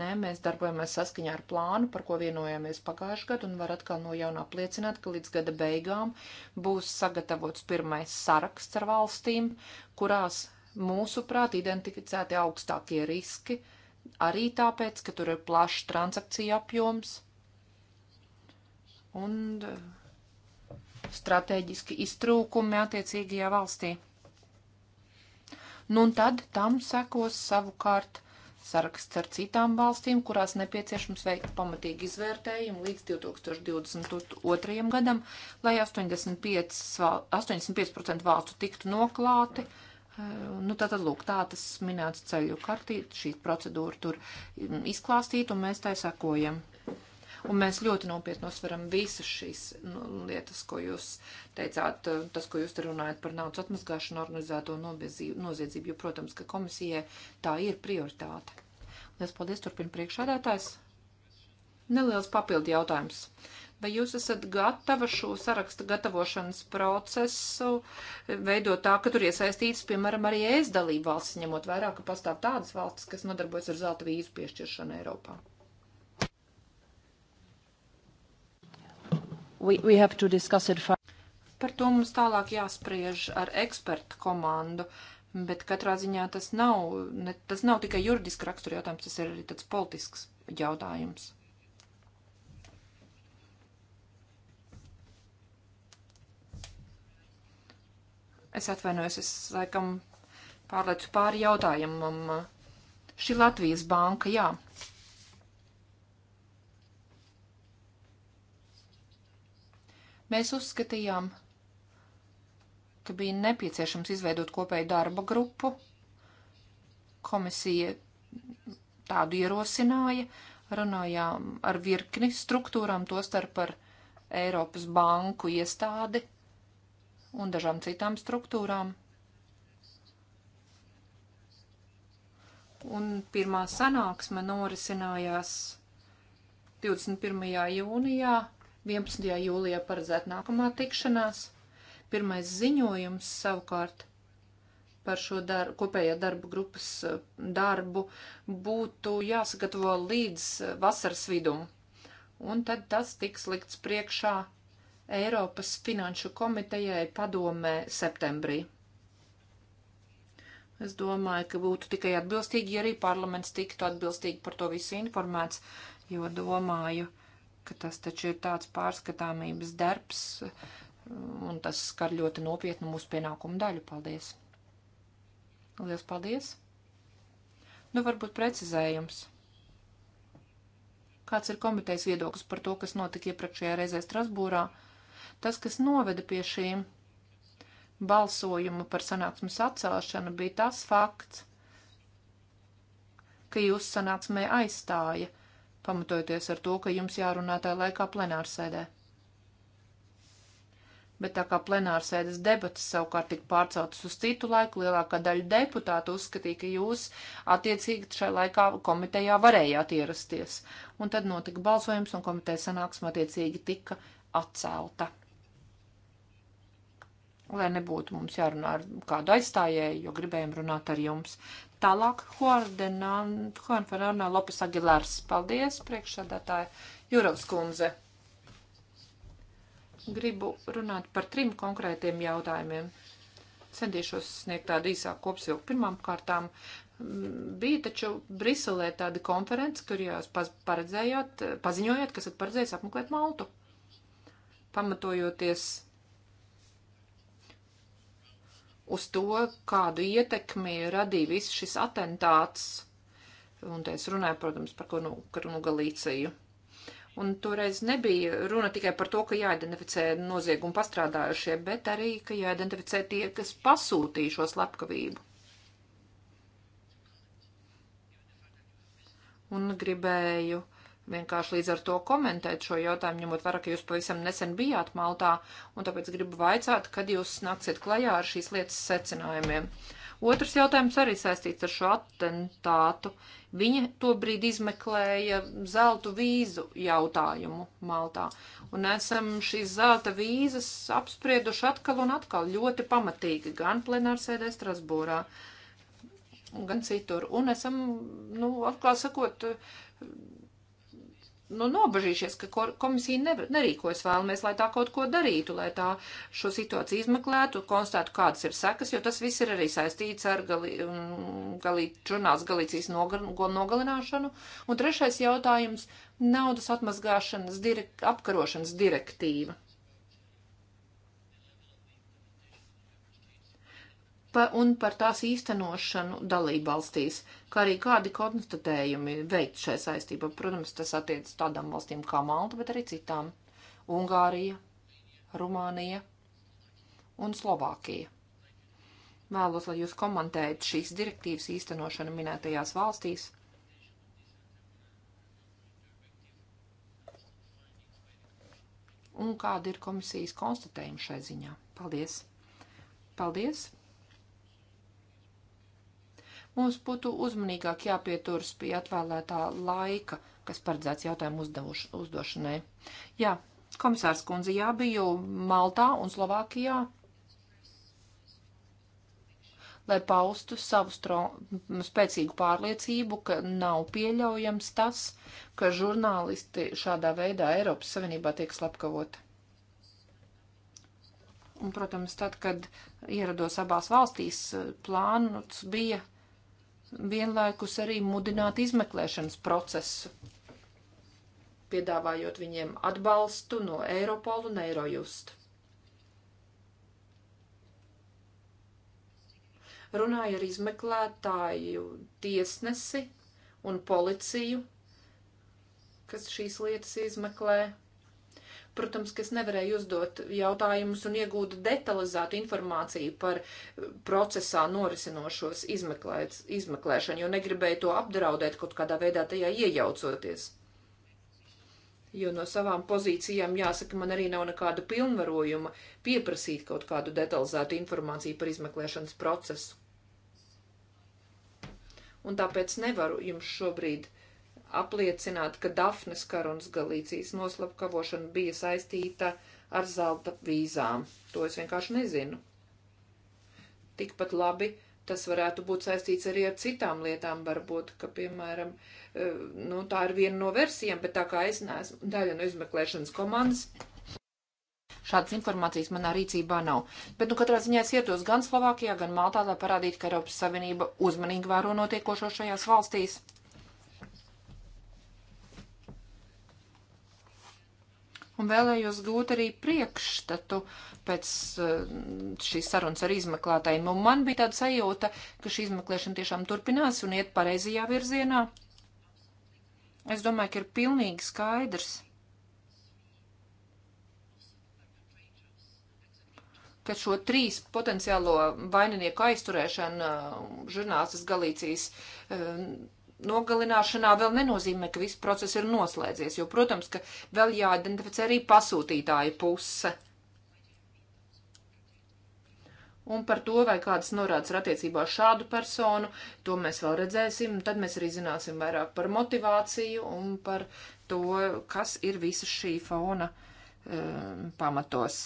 Nē, mēs darbojamies saskaņā ar plānu, par ko vienojāmies pagājušajā gadā, un var atkal no jauna apliecināt, ka līdz gada beigām būs sagatavots pirmais saraksts ar valstīm, kurās mūsuprāt identificēti augstākie riski, arī tāpēc, ka tur ir plašs transakciju apjoms un eh, stratēģiski iztrūkumi attiecīgajā valstī. Nu un tad tam sekos savukārt saraksts ar citām valstīm, kurās nepieciešams veikt pamatīgi izvērtējumu līdz 2022. gadam, lai 85, 85% valstu tiktu noklāti. Eh, nu, tātad, lūk, tā tas minēts ceļu kartīt, šī procedūra tur izklāstīta, un mēs tai sakojam un mēs ļoti nopietni uzsveram visas šīs nu, lietas, ko jūs teicāt, eh, tas, ko jūs te runājat par naudas atmazgāšanu, organizēto noziedzību, jo, protams, ka komisijai tā ir prioritāte. Lielas paldies, turpina priekšādātājs. Neliels papildu jautājums vai jūs esat gatava šo sarakstu gatavošanas procesu eh, veidot tā, ka tur iesaistīts, piemēram, arī ēst dalību valsts, ņemot vērā, ka pastāv tādas valstis, kas nodarbojas ar zelta vīzu piešķiršanu Eiropā? We, we have to discuss it further. Par to mums tālāk jāspriež ar ekspertu komandu, bet katrā ziņā tas nav, ne, tas nav tikai juridiski rakstura jautājums, tas ir arī tāds politisks jautājums. Es atvainojos, es laikam pārlecu pāri jautājumam. Šī Latvijas banka, jā. Mēs uzskatījām, ka bija nepieciešams izveidot kopēju darba grupu. Komisija tādu ierosināja, runājām ar virkni struktūrām, tostarp ar Eiropas banku iestādi un dažām citām struktūrām. Un pirmā sanāksme norisinājās 21. jūnijā 11. jūlijā paredzēta nākamā tikšanās. Pirmais ziņojums savukārt par šo dar kopējā darba grupas eh, darbu būtu jāsagatavo līdz eh, vasaras vidum. Un tad tas tiks likts priekšā Eiropas Finanšu komitejai padomē septembrī. Es domāju, ka būtu tikai atbilstīgi, ja arī parlaments tiktu atbilstīgi par to visu informēts, jo domāju, ka ka tas taču ir tāds pārskatāmības darbs, un tas skar ļoti nopietnu mūsu pienākumu daļu. Paldies! Lielas paldies! Nu, varbūt precizējums. Kāds ir komitejas viedoklis par to, kas notika iepriekšējā reizē Strasbūrā? Tas, kas noveda pie šīm balsojuma par sanāksmes atcelšanu, bija tas fakts, ka jūs sanāksmē aizstāja pamatojoties ar to, ka jums jārunā tā laikā plenārsēdē. Bet tā kā plenārsēdes debatas savukārt tika pārceltas uz citu laiku, lielākā daļa deputātu uzskatīja, ka jūs attiecīgi šai laikā komitejā varējāt ierasties. Un tad notika balsojums un komiteja sanāksme attiecīgi tika atcelta lai nebūtu mums jārunā ar kādu aizstājēju, jo gribējām runāt ar jums. Tālāk, Juan Fernando Lopes Aguilars. Paldies, priekšsādātāja Jurovs kundze. Gribu runāt par trim konkrētiem jautājumiem. Centīšos sniegt tādu īsāku kopsvilku. Pirmām kārtām mm, bija taču Briselē tāda konference, kur jūs paredzējāt, paziņojāt, ka esat paredzējis apmeklēt Maltu. Pamatojoties uz to, kādu ietekmi radīja viss šis atentāts. Un te es runāju, protams, par ko nu, par nu Galīciju. Un toreiz nebija runa tikai par to, ka jāidentificē noziegumu pastrādājušie, bet arī, ka jāidentificē tie, kas pasūtīja šo slepkavību. Un gribēju uh, vienkārši līdz ar to komentēt šo jautājumu, ņemot vērā, ka jūs pavisam nesen bijāt Maltā, un tāpēc gribu vaicāt, kad jūs nāksiet klajā ar šīs lietas secinājumiem. Otrs jautājums arī saistīts ar šo atentātu. Viņa tobrīd izmeklēja zeltu vīzu jautājumu Maltā, un esam šīs zelta vīzas apsprieduši atkal un atkal ļoti pamatīgi, gan plenārsēdē Strasbūrā, gan citur, un esam, nu, atklāt sakot, nu, nobežījušies, ka komisija ne, nerīkojas vēlamies, lai tā kaut ko darītu, lai tā šo situāciju izmeklētu, konstatētu, kādas ir sekas, jo tas viss ir arī saistīts ar gali, gali, žurnāls Galīcijas nogal, nogalināšanu. Un trešais jautājums - naudas atmazgāšanas direk, apkarošanas direktīva. pa, un par tās īstenošanu dalībvalstīs, kā arī kādi konstatējumi veikt šai saistībā. Protams, tas attiec tādām valstīm kā Malta, bet arī citām - Ungārija, Rumānija un Slovākija. Vēlos, lai jūs komentējat šīs direktīvas īstenošanu minētajās valstīs. un kāda ir komisijas konstatējuma šai ziņā. Paldies! Paldies! Mums būtu uzmanīgāk jāpieturas pie atvēlētā laika, kas paredzēts jautājumu uzdevuš, uzdošanai. Jā, komisārs kundze, jā, biju Maltā un Slovākijā, lai paustu savu stro, spēcīgu pārliecību, ka nav pieļaujams tas, ka žurnālisti šādā veidā Eiropas Savienībā tiek slepkavoti. Un, protams, tad, kad ierados abās valstīs, plāns bija vienlaikus arī mudināt izmeklēšanas procesu, piedāvājot viņiem atbalstu no Eiropola un Eirojust. Runāja ar izmeklētāju tiesnesi un policiju, kas šīs lietas izmeklē. Protams, ka es nevarēju uzdot jautājumus un iegūt detalizētu informāciju par procesā norisinošos izmeklēšanu, jo negribēju to apdraudēt kaut kādā veidā tajā iejaucoties. Jo no savām pozīcijām, jāsaka, man arī nav nekāda pilnvarojuma pieprasīt kaut kādu detalizētu informāciju par izmeklēšanas procesu. Un tāpēc nevaru jums šobrīd apliecināt, ka Dafnes Karunas Galīcijas noslapkavošana bija saistīta ar zelta vīzām. To es vienkārši nezinu. Tikpat labi tas varētu būt saistīts arī ar citām lietām, varbūt, ka, piemēram, e, nu, tā ir viena no versijām, bet tā kā es neesmu daļa no izmeklēšanas komandas. Šādas informācijas manā rīcībā nav. Bet, nu, katrā ziņā es ietos gan Slovākijā, gan Maltā, lai parādītu, ka Eiropas Savienība uzmanīgi vēro notiekošo šajās valstīs. un vēlējos gūt arī priekšstatu pēc eh, šīs sarunas ar izmeklētājiem. Un man bija tāda sajūta, ka šī izmeklēšana tiešām turpinās un iet pareizajā virzienā. Es domāju, ka ir pilnīgi skaidrs, ka šo trīs potenciālo vaininieku aizturēšanu eh, žurnālistas Galīcijas eh, nogalināšanā vēl nenozīmē, ka viss process ir noslēdzies, jo, protams, ka vēl jāidentificē arī pasūtītāja puse. Un par to, vai kādas norādes ir attiecībā ar šādu personu, to mēs vēl redzēsim. Tad mēs arī zināsim vairāk par motivāciju un par to, kas ir visa šī fona um, pamatos.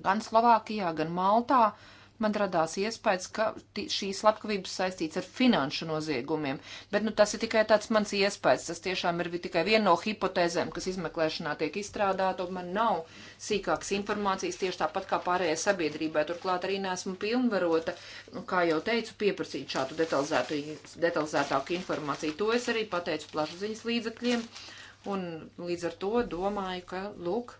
Gan Slovākijā, gan Maltā uh, man radās iespējas, ka šī slepkavības saistīts ar finanšu noziegumiem. Bet nu, tas ir tikai tāds mans iespējas. Tas tiešām ir tikai viena no hipotēzēm, kas izmeklēšanā tiek izstrādāta, un man nav sīkākas informācijas tieši tāpat kā pārējai sabiedrībai. Turklāt arī neesmu pilnvarota, nu, kā jau teicu, pieprasīt šādu detalizētāku informāciju. To es arī pateicu plašsaziņas līdzekļiem, un līdz ar to domāju, ka, lūk,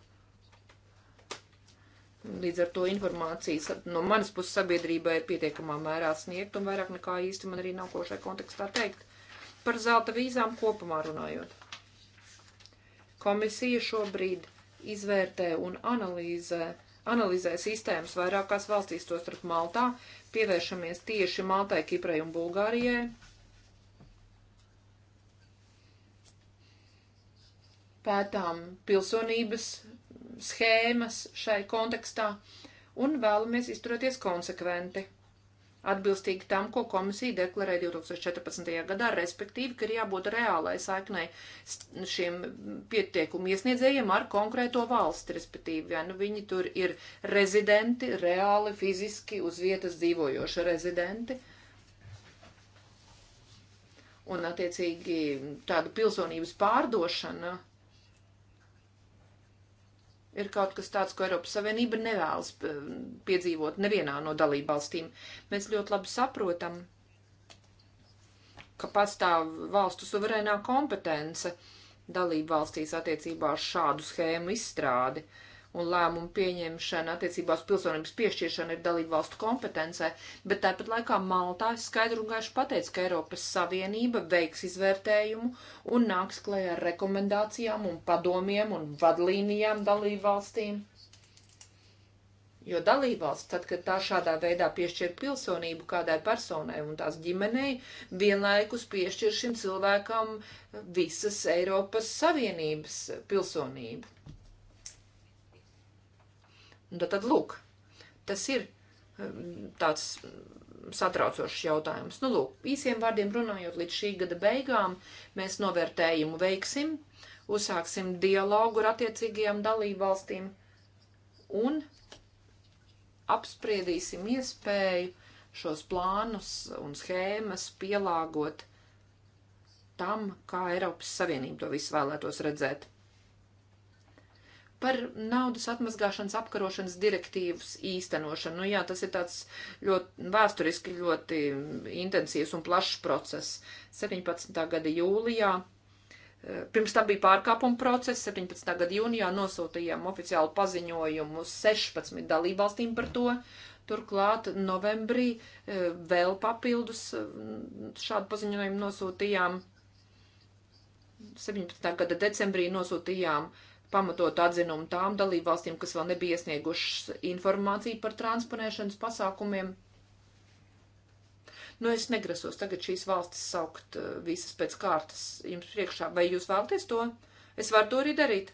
Līdz ar to informācijas no manas puses sabiedrībai ir pietiekamā mērā sniegt, un vairāk nekā īsti man arī nav ko šai kontekstā teikt. Par zelta vīzām kopumā runājot. Komisija šobrīd izvērtē un analizē, analizē sistēmas vairākās valstīs, to starp Maltā, pievēršamies tieši Maltai, Kiprai un Bulgārijai. Pētām pilsonības schēmas šai kontekstā un vēlamies izturēties konsekventi. Atbilstīgi tam, ko komisija deklarēja 2014. gadā, respektīvi, ka ir jābūt reālai saiknai šiem pietiekumu iesniedzējiem ar konkrēto valsti, respektīvi, ja nu viņi tur ir rezidenti, reāli fiziski uz vietas dzīvojoši rezidenti. Un, attiecīgi, tāda pilsonības pārdošana uh, ir kaut kas tāds, ko Eiropas Savienība nevēlas piedzīvot nevienā no dalībvalstīm. Mēs ļoti labi saprotam, ka pastāv valstu suverēnā kompetence dalībvalstīs attiecībā uz šādu schēmu izstrādi. Uh, un lēmumu pieņemšana attiecībā uz pilsonības piešķiršanu ir dalību valstu kompetencē, bet tāpat laikā Maltā skaidru un gaišu pateica, ka Eiropas Savienība veiks izvērtējumu un nāks klajā ar rekomendācijām un padomiem un vadlīnijām dalību valstīm. Jo dalībvalsts, tad, kad tā šādā veidā piešķir pilsonību kādai personai un tās ģimenei, vienlaikus piešķir šim cilvēkam visas Eiropas Savienības pilsonību. Un nu, tad, tad lūk, tas ir um, tāds mm, satraucošs jautājums. Nu, lūk, īsiem vārdiem runājot, līdz šī gada beigām mēs novērtējumu veiksim, uzsāksim dialogu ar attiecīgajām dalībvalstīm un apspriedīsim iespēju šos plānus un schēmas pielāgot tam, kā Eiropas Savienība to visu vēlētos redzēt par naudas atmazgāšanas apkarošanas direktīvas īstenošanu. Nu, jā, tas ir tāds ļoti vēsturiski ļoti intensīvs un plašs process. 17. gada jūlijā. Eh, pirms tam bija pārkāpuma process, 17. gada jūnijā nosūtījām oficiālu paziņojumu 16 dalībvalstīm par to, Turklāt novembrī eh, vēl papildus mm, šādu paziņojumu nosūtījām. 17. gada decembrī nosūtījām uh, pamatot atzinumu tām dalībvalstīm, kas vēl nebija iesniegušas informāciju par transponēšanas pasākumiem. Nu, es negrasos tagad šīs valstis saukt eh, visas pēc kārtas jums priekšā. Vai jūs vēlaties to? Es varu to arī darīt.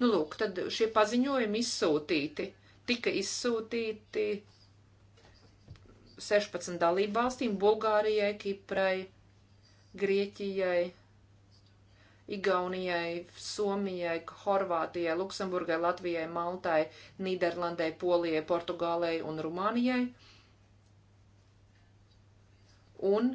Nu, lūk, tad šie paziņojumi izsūtīti. Tika izsūtīti 16 dalībvalstīm - Bulgārijai, Kiprai, Grieķijai, Igaunijai, Somijai, Horvātijai, Luksemburgai, Latvijai, Maltai, Nīderlandai, Polijai, Portugālei un Rumānijai. Un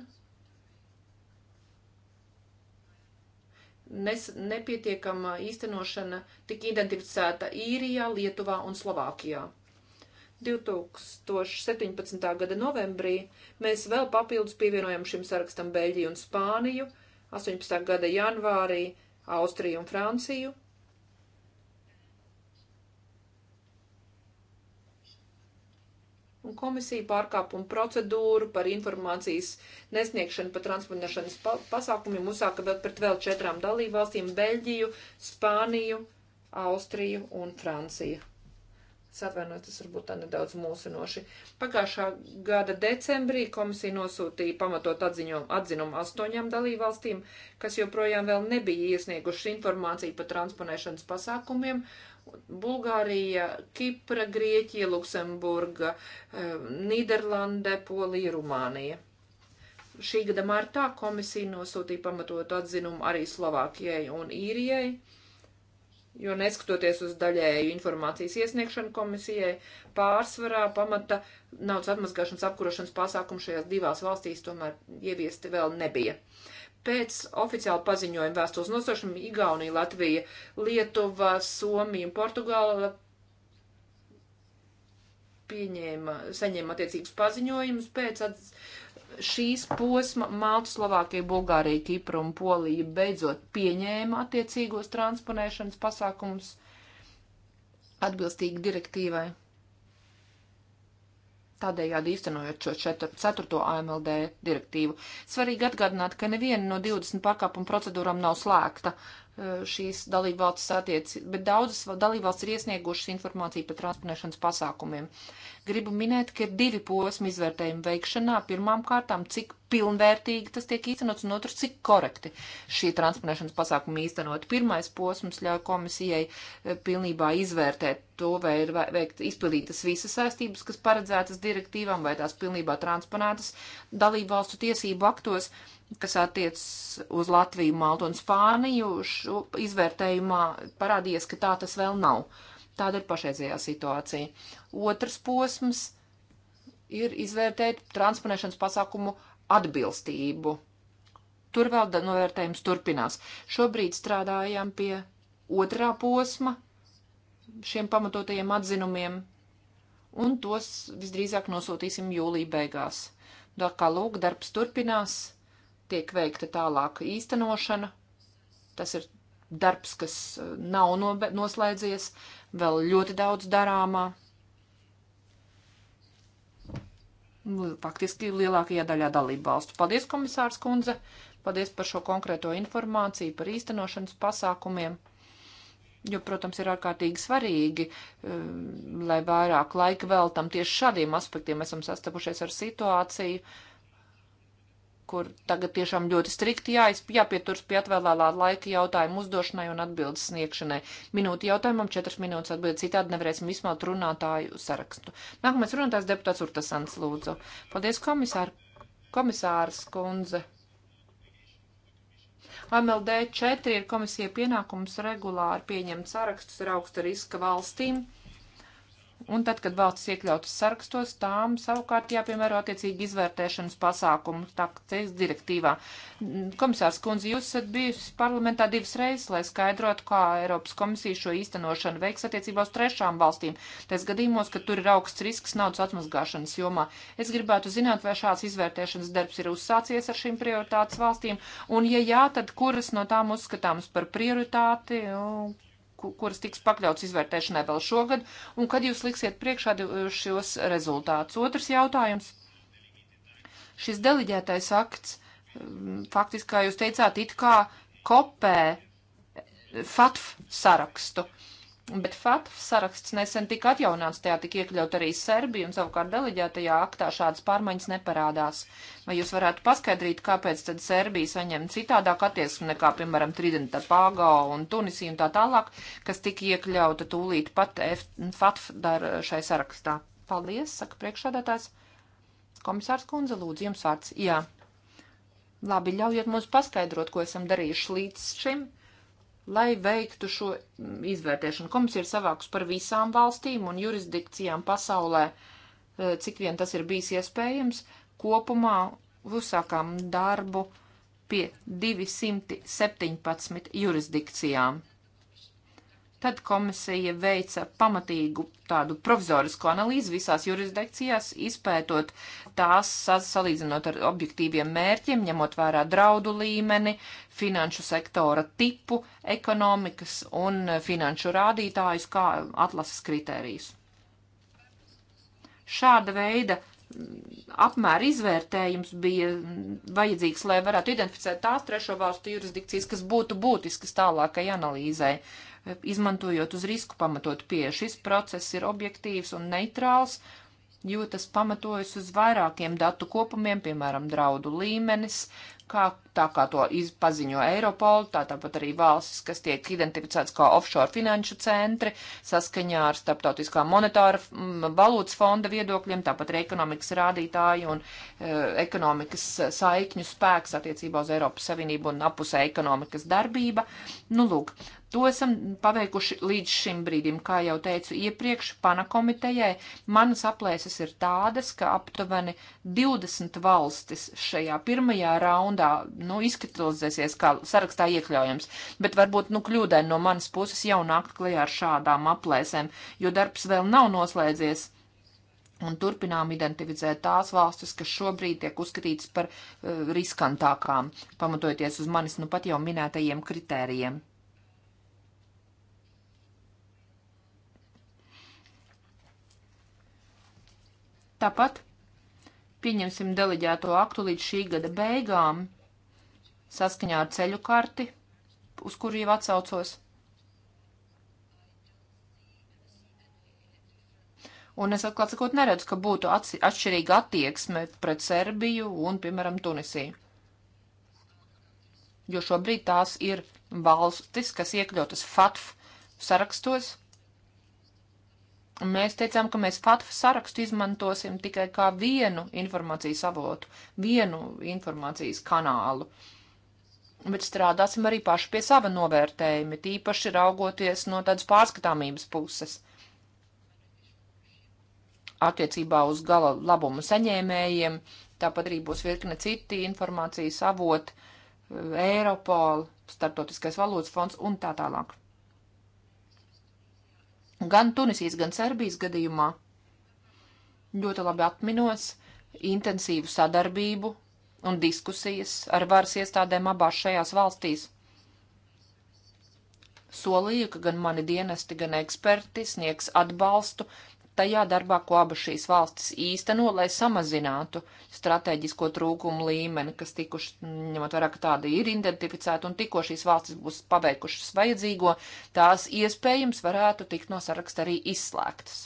nes, nepietiekama īstenošana tika identificēta Īrijā, Lietuvā un Slovākijā. 2017. gada novembrī mēs vēl papildus pievienojam šim sarakstam Beļģiju un Spāniju – 18. gada janvārī Austriju un Franciju. Un komisija pārkāpuma procedūru par informācijas nesniegšanu par transponēšanas pa pasākumiem uzsāka vēl pret vēl četrām dalībvalstīm - Beļģiju, Spāniju, Austriju un Franciju. Atvainojos, tas varbūt tā nedaudz mūsinoši. Pagājušā gada decembrī komisija nosūtīja pamatot atziņu, atzinumu astoņām dalībvalstīm, kas joprojām vēl nebija iesniegušas informāciju par transponēšanas pasākumiem. Bulgārija, Kipra, Grieķija, Luksemburga, eh, Nīderlande, Polija, Rumānija. Šī gada martā komisija nosūtīja pamatotu atzinumu arī Slovākijai un Īrijai jo neskatoties uz daļēju informācijas iesniegšanu komisijai, pārsvarā pamata naudas atmazgāšanas apkurošanas pasākumu šajās divās valstīs tomēr ieviesti vēl nebija. Pēc oficiāla paziņojuma vēstules nosošanu Igaunija, Latvija, Lietuva, Somija un Portugāla pieņēma, saņēma attiecīgus paziņojumus pēc atzīšanas šīs posma Malta, Slovākija, Bulgārija, Kipra un Polija beidzot pieņēma attiecīgos transponēšanas pasākumus atbilstīgi direktīvai. Tādējādi īstenojot šo 4. AMLD direktīvu. Svarīgi atgādināt, ka neviena no 20 pakāpuma procedūrām nav slēgta. Uh, Eh, šīs dalībvalstis attiec, bet daudzas dalībvalstis ir iesniegušas informāciju par transponēšanas pasākumiem. Gribu minēt, ka ir divi posmi izvērtējumu veikšanā. Pirmām kārtām, cik pilnvērtīgi tas tiek īstenots, un otrs, cik korekti šī transponēšanas pasākuma īstenot. Pirmais posms ļauj komisijai eh, pilnībā izvērtēt to, vai ir veikt izpildītas visas saistības, kas paredzētas direktīvām, vai tās pilnībā transponētas dalībvalstu tiesību aktos. Uh, kas attiec uz Latviju, Maltu un Spāniju, šo izvērtējumā parādījies, ka tā tas vēl nav. Tāda ir pašreizējā situācija. Otrs posms ir izvērtēt transponēšanas pasākumu atbilstību. Tur vēl novērtējums turpinās. Šobrīd strādājam pie otrā posma šiem pamatotajiem atzinumiem, un tos visdrīzāk nosūtīsim jūlija beigās. Tā kā lūk, darbs turpinās tiek veikta tālāka īstenošana. Tas ir darbs, kas uh, nav noslēdzies, vēl ļoti daudz darāmā. Faktiski lielākajā daļā dalību valstu. Paldies, komisārs kundze! Paldies par šo konkrēto informāciju, par īstenošanas pasākumiem. Jo, protams, ir ārkārtīgi svarīgi, uh, lai vairāk laika veltam tieši šādiem aspektiem. Esam sastapušies ar situāciju, uh, kur tagad tiešām ļoti strikti jāiz, jāpieturs pie atvēlēlā laika jautājumu uzdošanai un atbildes sniegšanai. Minūti jautājumam, četras minūtes atbildes, citādi nevarēsim izmelt runātāju sarakstu. Nākamais runātājs deputāts Urtasants Lūdzu. Paldies, komisār, komisārs Kunze. MLD 4 ir komisija pienākums regulāri pieņemt sarakstus ar augsta riska valstīm Un tad, kad valsts iekļautas sarakstos, tām savukārt jāpiemēro attiecīgi izvērtēšanas pasākumu takcijas direktīvā. Mm, komisārs Kunze, jūs esat bijusi parlamentā divas reizes, lai skaidrotu, kā Eiropas komisija šo īstenošanu veiks attiecībā uz trešām valstīm. Tais gadījumos, ka tur ir augsts risks naudas atmazgāšanas jomā. Es gribētu zināt, vai šāds izvērtēšanas darbs ir uzsācies ar šīm prioritātes valstīm, un ja jā, tad kuras no tām uzskatāmas par prioritāti, kuras tiks pakļauts izvērtēšanai vēl šogad, un kad jūs liksiet priekšā šos rezultātus? Otrs jautājums. Šis deliģētais akts, mm, faktiski, kā jūs teicāt, it kā kopē FATF sarakstu. Uh, Bet FATF saraksts nesen tika atjaunāts, tajā tika iekļaut arī Serbija, un savukārt deleģētajā aktā šādas pārmaiņas neparādās. Vai jūs varētu paskaidrīt, kāpēc tad Serbija saņem citādāk attieksmi nekā, piemēram, Tridenta Pāgā un Tunisija un tā tālāk, kas tika iekļauta tūlīt pat F FATF dar šai sarakstā? Paldies, saka priekšādātājs. Komisārs Kunze, lūdzu, jums vārds. Jā. Labi, ļaujiet mums paskaidrot, ko esam darījuši līdz šim lai veiktu šo izvērtēšanu. Komisija ir savākus par visām valstīm un jurisdikcijām pasaulē, eh, cik vien tas ir bijis iespējams. Kopumā uzsākām darbu pie 217 jurisdikcijām. Tad komisija veica pamatīgu tādu provizorisko analīzi visās jurisdikcijās, izpētot tās, salīdzinot ar objektīviem mērķiem, ņemot vērā draudu līmeni, finanšu sektora tipu, ekonomikas un finanšu rādītājus, kā atlases kritērijus. Šāda veida mm, apmēra izvērtējums bija vajadzīgs, lai varētu identificēt tās trešo valstu jurisdikcijas, kas būtu būtiskas tālākai analīzai izmantojot uz risku pamatot pieeju. Šis process ir objektīvs un neitrāls, jo tas pamatojas uz vairākiem datu kopumiem, piemēram, draudu līmenis, kā, tā kā to paziņo Eiropola, tā tāpat arī valstis, kas tiek identificēts kā offshore finanšu centri, saskaņā ar starptautiskā monetāra valūtas fonda viedokļiem, tāpat arī ekonomikas rādītāji un e, ekonomikas saikņu spēks attiecībā uz Eiropas Savienību un apusē ekonomikas darbība. Nu, lūk, To esam paveikuši līdz šim brīdim, kā jau teicu iepriekš, pana komitejai. Manas aplēses ir tādas, ka aptuveni 20 valstis šajā pirmajā raundā raundā nu, izkristalizēsies kā sarakstā iekļaujams. Bet varbūt nu, kļūdai no manas puses jau nākt klajā ar šādām aplēsēm, jo darbs vēl nav noslēdzies. Un turpinām identificēt tās valstis, kas šobrīd tiek uzskatītas par uh, riskantākām, pamatojoties uz manis nu pat jau minētajiem kritērijiem. Tāpat pieņemsim deleģēto aktu līdz šī gada beigām saskaņā ar ceļu karti, uz kuru jau atsaucos. Un es atklāt sakot neredzu, ka būtu atšķirīga attieksme pret Serbiju un, piemēram, Tunisiju. Jo šobrīd tās ir valstis, kas iekļautas FATF sarakstos, Mēs teicām, ka mēs FATF sarakstu izmantosim tikai kā vienu informācijas avotu, vienu informācijas kanālu. Bet strādāsim arī paši pie sava novērtējuma, tīpaši raugoties no tādas pārskatāmības puses attiecībā uz gala labumu saņēmējiem, tāpat arī būs virkne citi informācijas avoti, Eiropola, Startautiskais valūtas fonds un tā tālāk gan Tunisijas, gan Serbijas gadījumā ļoti labi atminos intensīvu sadarbību un diskusijas ar varas iestādēm abās šajās valstīs. Solīju, ka gan mani dienesti, gan eksperti sniegs atbalstu tajā darbā, ko abas šīs valstis īsteno, lai samazinātu strateģisko trūkumu līmeni, kas tikuši, ņemot vērā, ka tādi ir identificēti, un tikko šīs valstis būs paveikušas vajadzīgo, tās iespējams varētu tikt no saraksta arī izslēgtas.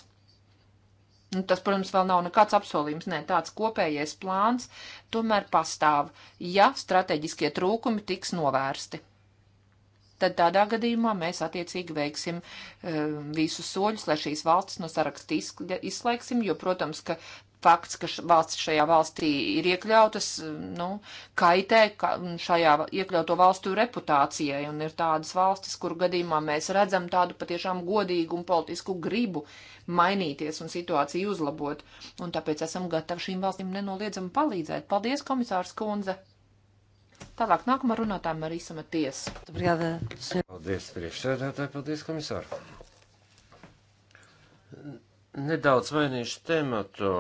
Nu, tas, protams, vēl nav nekāds apsolījums, nē, tāds kopējais plāns tomēr pastāv, ja strateģiskie trūkumi tiks novērsti tad tādā gadījumā mēs attiecīgi veiksim um, visus soļus, lai šīs valstis no saraksta izslēgsim, jo, protams, ka fakts, ka valsts šajā valstī ir iekļautas, um, nu, kaitē ka šajā iekļauto valstu reputācijai, un ir tādas valstis, kur gadījumā mēs redzam tādu patiešām godīgu un politisku gribu mainīties un situāciju uzlabot, un tāpēc esam gatavi šīm valstīm nenoliedzami palīdzēt. Paldies, komisārs Kunze! Tālāk nākamā runātājiem ir īsama tiesa. Paldies, priekšsēdētāji, paldies, komisāri. Nedaudz mainīšu tematu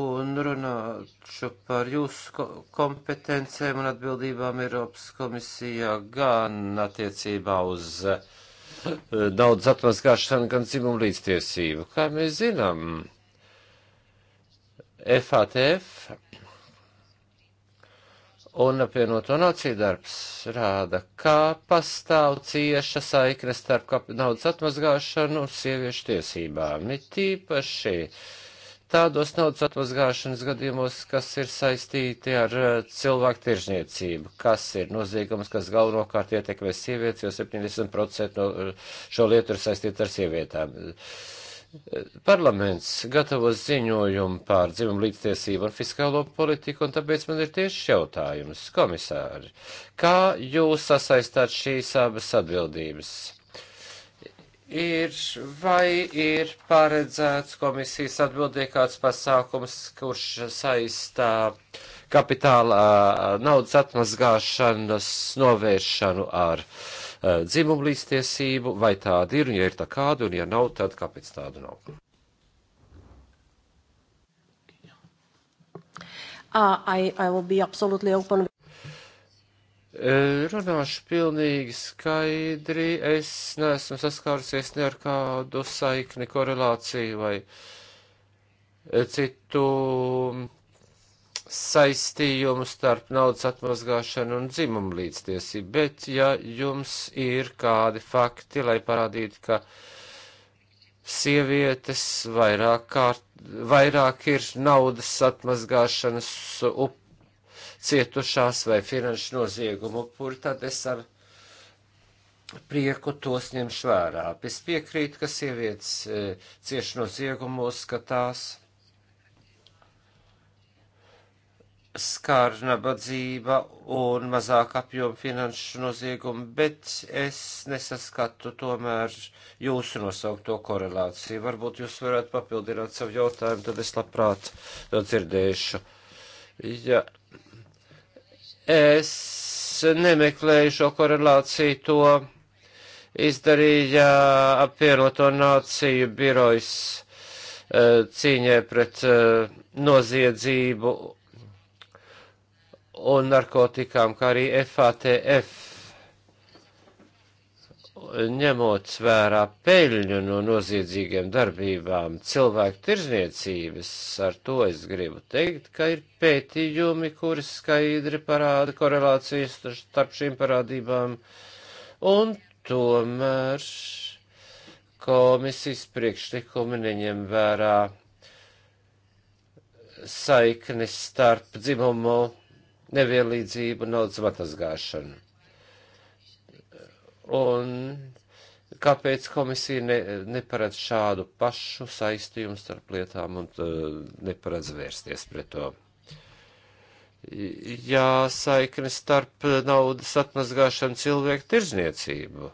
un runāšu par jūsu kompetencēm un atbildībām Eiropas komisijā gan attiecībā uz naudas eh, atmaskāšanu, gan dzimumu līdztiesību. Kā mēs zinām, FATF un apvienoto nāciju darbs rāda, kā pastāv cieša saikne starp naudas atmazgāšanu un sieviešu tiesībām. Ir tīpaši tādos naudas atmazgāšanas gadījumos, kas ir saistīti ar eh, cilvēku tiržniecību, kas ir noziegums, kas galvenokārt ietekmē sievietes, jo 70% no eh, šo lietu ir saistīta ar sievietām. Uh, Parlaments gatavos ziņojumu pār dzimumu līdztiesību un fiskālo politiku, un tāpēc man ir tieši jautājums, komisāri, kā jūs sasaistāt šīs abas atbildības? Ir vai ir paredzēts komisijas atbildē kāds pasākums, kurš saistā kapitāla naudas atmazgāšanas novēršanu ar uh, Eh, dzimumlīstiesību, vai tāda ir, un ja ir tā kāda, un ja nav, tad kāpēc tāda nav? Uh, I, I will be absolutely open. Eh, runāšu pilnīgi skaidri. Es neesmu saskārusies ne ar kādu saikni, korelāciju vai eh, citu saistījumu starp naudas atmazgāšanu un dzimumu līdztiesību, bet ja jums ir kādi fakti, lai parādītu, ka sievietes vairāk, kārt, vairāk ir naudas atmazgāšanas up, cietušās vai finanšu noziegumu upuri, tad es ar prieku tos ņemšu vērā. Es piekrītu, ka sievietes e, cieši noziegumos, ka tās skār nabadzība un mazāk apjomu finanšu noziegumu, bet es nesaskatu tomēr jūsu nosaukto korelāciju. Varbūt jūs varētu papildināt savu jautājumu, tad es labprāt to dzirdēšu. Ja. Es nemeklēju šo korelāciju, to izdarīja apvienoto nāciju birojas eh, cīņai pret eh, noziedzību un narkotikām, kā arī FATF, ņemot vērā peļņu no noziedzīgiem darbībām cilvēku tirzniecības, ar to es gribu teikt, ka ir pētījumi, kuri skaidri parāda korelācijas starp šīm parādībām, un tomēr komisijas priekšlikumi neņem vērā saiknes starp dzimumu nevienlīdzību, naudas matazgāšanu. Un kāpēc komisija ne, neparedz šādu pašu saistījumu starp lietām un uh, neparedz vērsties pret to? Jā, saikne starp naudas atmazgāšanu cilvēku tirzniecību.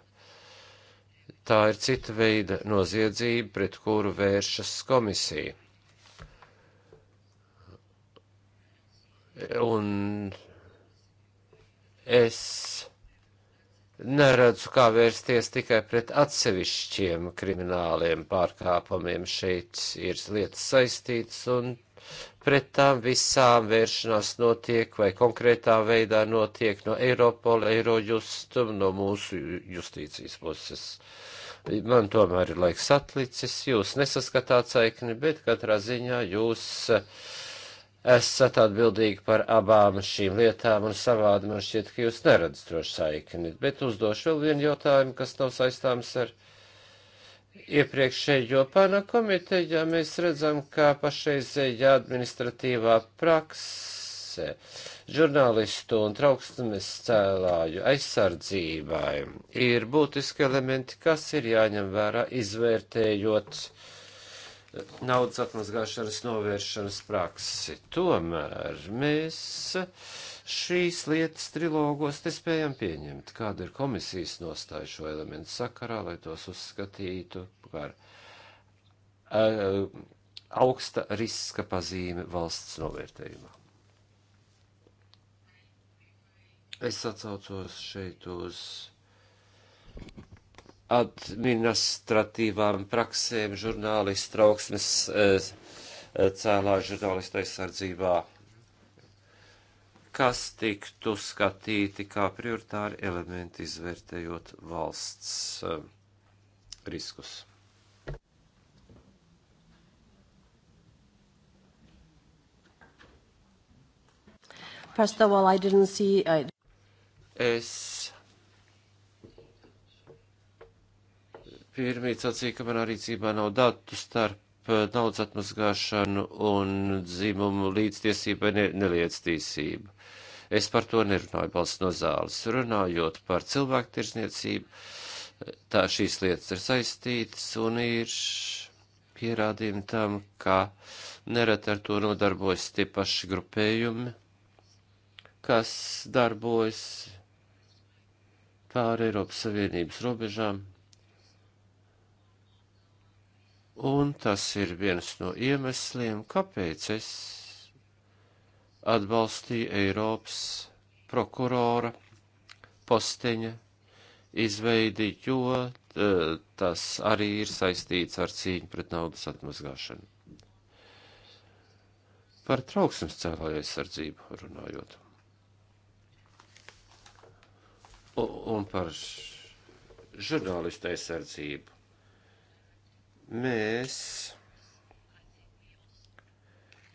Tā ir cita veida noziedzība, pret kuru vēršas komisija. Un es neredzu, kā vērsties tikai pret atsevišķiem krimināliem pārkāpumiem. Šeit ir lietas saistītas un pret tām visām vēršanās notiek vai konkrētā veidā notiek no Eiropola, Eirojustum, no mūsu justīcijas puses. Man tomēr ir laiks atlicis, jūs nesaskatāt saikni, bet katrā ziņā jūs uh, esat atbildīgi par abām šīm lietām, un savādi man šķiet, ka jūs neredzat droši saikni. Bet uzdošu vēl vienu jautājumu, kas nav saistāms ar iepriekšējo pana komiteju. Mēs redzam, ka pašreizējā administratīvā prakse žurnālistu un trauksmes cēlāju aizsardzībai ir būtiski elementi, kas ir jāņem vērā izvērtējot uh, naudas atmazgāšanas novēršanas praksi. Tomēr mēs šīs lietas trilogos nespējam pieņemt, kāda ir komisijas nostāja šo elementu sakarā, lai tos uzskatītu par uh, augsta riska pazīme valsts novērtējumā. Es atcaucos šeit uz administratīvām praksēm, žurnālistu trauksmes eh, eh, cēlā žurnālistu aizsardzībā, kas tiktu skatīti kā prioritāri elementi izvērtējot valsts eh, riskus. First of all, I didn't see. I... Es Pirmīt sacīja, ka manā rīcībā nav datu starp eh, naudas atmazgāšanu un dzimumu līdztiesību vai ne, neliedztīsību. Es par to nerunāju balsts no zāles. Runājot par cilvēku tirsniecību, eh, tā šīs lietas ir saistītas un ir pierādījumi tam, ka nereti ar to nodarbojas tie paši grupējumi, kas darbojas pāri Eiropas Savienības robežām. Un tas ir viens no iemesliem, kāpēc es atbalstīju Eiropas prokurora posteņa izveidi, jo tas arī ir saistīts ar cīņu pret naudas atmazgāšanu. Par trauksmes cēlāju aizsardzību runājot. Un par žurnālistu aizsardzību mēs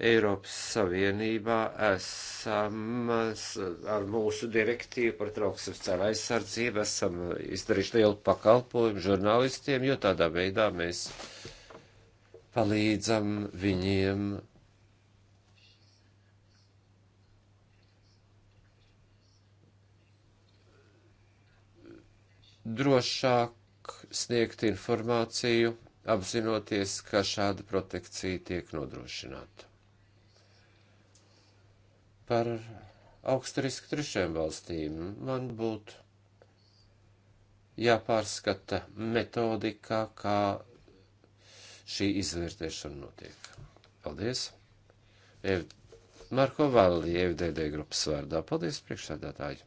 Eiropas Savienībā esam ar mūsu direktīvu par trauksmescēlu aizsardzību, esam izdarījuši lielu pakalpojumu žurnālistiem, jo tādā veidā mēs palīdzam viņiem drošāk sniegt informāciju apzinoties, ka šāda protekcija tiek nodrošināta. Par augstu risku trešajām valstīm man būtu jāpārskata metodikā, kā šī izvērtēšana notiek. Paldies! Ev Marko Valli, EVDD grupas vārdā. Paldies, priekšsēdētāji!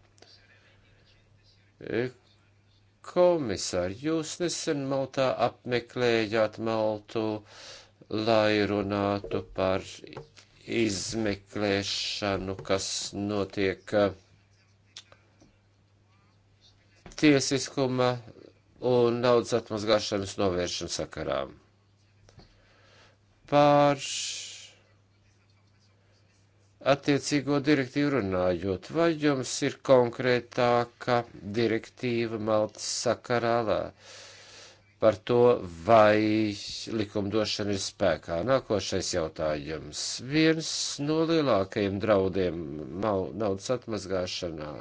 komisāri, jūs nesen Maltā apmeklējāt Maltu, lai runātu par izmeklēšanu, kas notiek eh, tiesiskuma un naudas atmazgāšanas novēršanas sakarām. Pār attiecīgo direktīvu runājot, vai jums ir konkrētāka direktīva Maltas sakarālā par to, vai likumdošana ir spēkā? Nākošais jautājums. Viens no lielākajiem draudiem naudas atmazgāšanā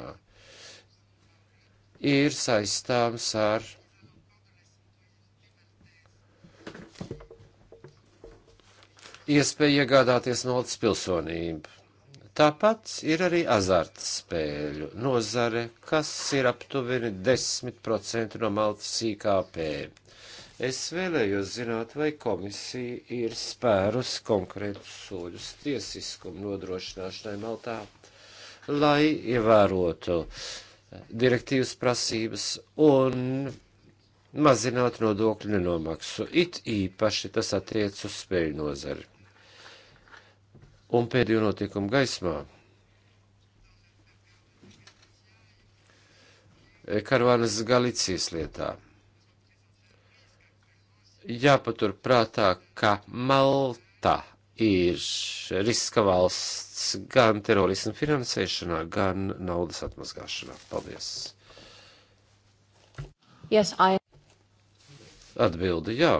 ir saistāms ar iespēju iegādāties naudas pilsonību. Tāpat ir arī azartspēļu nozare, kas ir aptuveni 10% no Maltas IKP. Es vēlējos zināt, vai komisija ir spērus konkrētus soļus tiesiskumu nodrošināšanai Maltā, lai ievērotu direktīvas prasības un mazinātu nodokļu nenomaksu. It īpaši tas attiec uz spēļu nozari un pēdējo notikumu gaismā. Karvanas Galicijas lietā. Jāpatur prātā, ka Malta ir riska valsts gan terorismu finansēšanā, gan naudas atmazgāšanā. Paldies! Yes, I... Atbildi jā.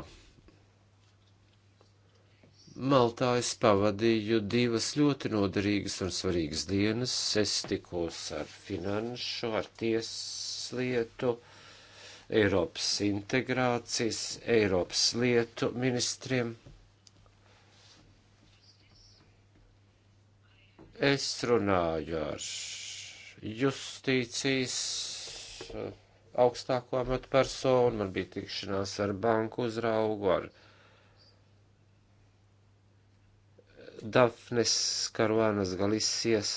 Maltā es pavadīju divas ļoti noderīgas un svarīgas dienas. Es tikos ar finanšu, ar tieslietu, Eiropas integrācijas, Eiropas lietu ministriem. Es runāju ar justīcijas augstāko amatpersonu, man bija tikšanās ar banku uzraugu, ar Dafnes Karuanas Galisijas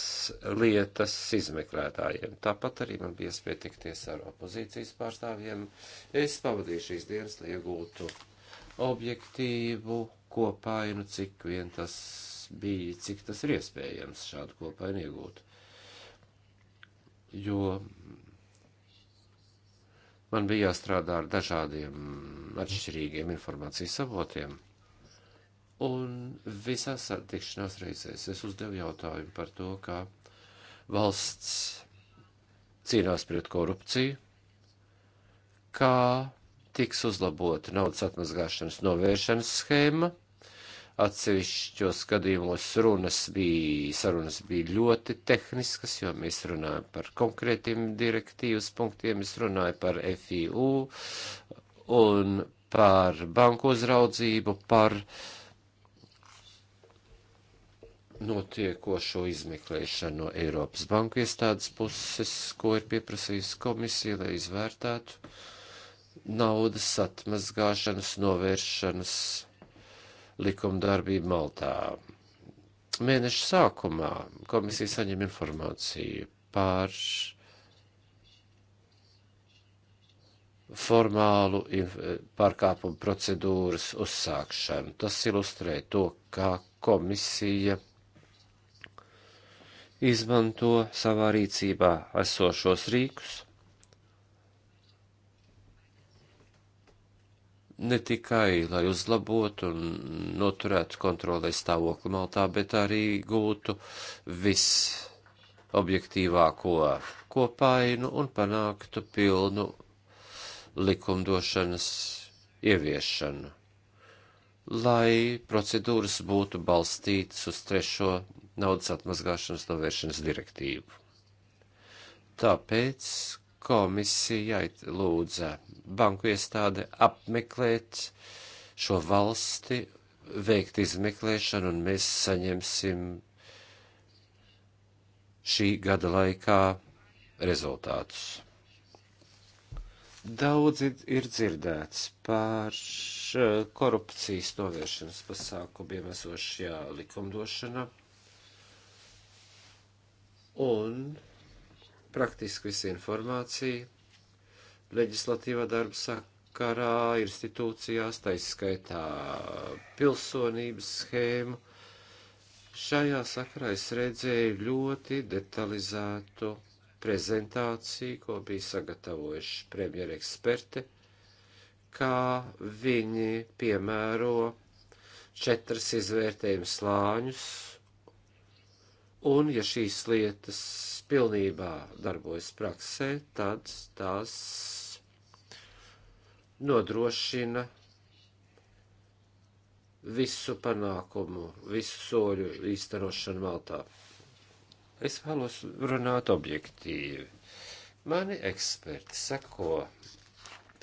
lietas izmeklētājiem. Tāpat arī man bija iespēja tikties ar opozīcijas pārstāvjiem. Es pavadīju šīs dienas, lai iegūtu objektīvu kopainu, cik vien tas bija, cik tas ir iespējams šādu kopainu iegūt. Jo man bija jāstrādā ar dažādiem atšķirīgiem informācijas avotiem Un visās satikšanās reizēs es uzdevu jautājumu par to, kā valsts cīnās pret korupciju, kā tiks uzlabota naudas atmazgāšanas novēršanas schēma. Atsevišķos gadījumos runas bija, sarunas bija ļoti tehniskas, jo mēs runājam par konkrētiem direktīvas punktiem, es runāju par FIU un par banku uzraudzību, par uh, notiekošo izmeklēšanu no Eiropas banku iestādes puses, ko ir pieprasījusi komisija, lai izvērtētu naudas atmazgāšanas, novēršanas likumdarbību Maltā. Mēneša sākumā komisija saņem informāciju par formālu pārkāpumu procedūras uzsākšanu. Tas ilustrē to, kā komisija izmanto savā rīcībā esošos rīkus, ne tikai, lai uzlabotu un noturētu kontrolē stāvokli Maltā, bet arī gūtu visobjektīvāko kopainu un panāktu pilnu likumdošanas ieviešanu, lai procedūras būtu balstītas uz trešo naudas atmazgāšanas novēršanas direktīvu. Tāpēc komisija lūdza banku iestāde apmeklēt šo valsti, veikt izmeklēšanu, un mēs saņemsim šī gada laikā rezultātus. Daudz ir dzirdēts par eh, korupcijas novēršanas pasākumiem esošajā likumdošanā un praktiski visa informācija leģislatīvā darba sakarā, institūcijās, taiskaitā pilsonības schēmu. Šajā sakarā es redzēju ļoti detalizētu prezentāciju, ko bija sagatavojuši premjera eksperti, kā viņi piemēro četras izvērtējumu slāņus Un, ja šīs lietas pilnībā darbojas praksē, tad tās nodrošina visu panākumu, visu soļu īstenošanu Maltā. Es vēlos runāt objektīvi. Mani eksperti seko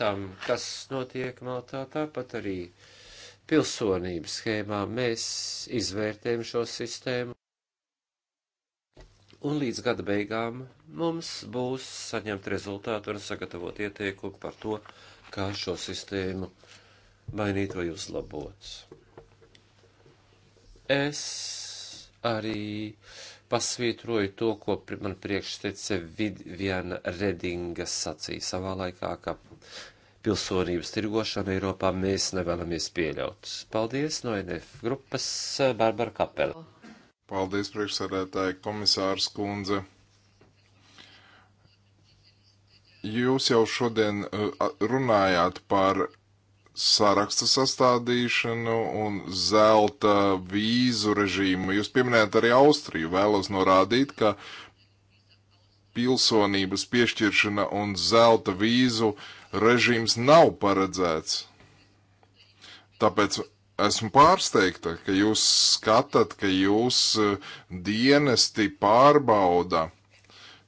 tam, kas notiek Maltā, tāpat arī pilsonības schēmā mēs izvērtējam šo sistēmu Un līdz gada beigām mums būs saņemt rezultātu un sagatavot ieteikumu par to, kā šo sistēmu mainīt vai uzlabot. Es arī pasvītroju to, ko man priekštece Viviana Redinga sacīja savā laikā, ka pilsonības tirgošanu Eiropā mēs nevēlamies pieļaut. Paldies no NF grupas Barbara Kapela. Paldies, priekšsēdētāji, komisārs kundze. Jūs jau šodien uh, runājāt par saraksta sastādīšanu un zelta vīzu režīmu. Jūs pieminējat arī Austriju. Vēlos norādīt, ka pilsonības piešķiršana un zelta vīzu režīms nav paredzēts. Tāpēc esmu pārsteigta, ka jūs skatāt, ka jūs eh, dienesti pārbauda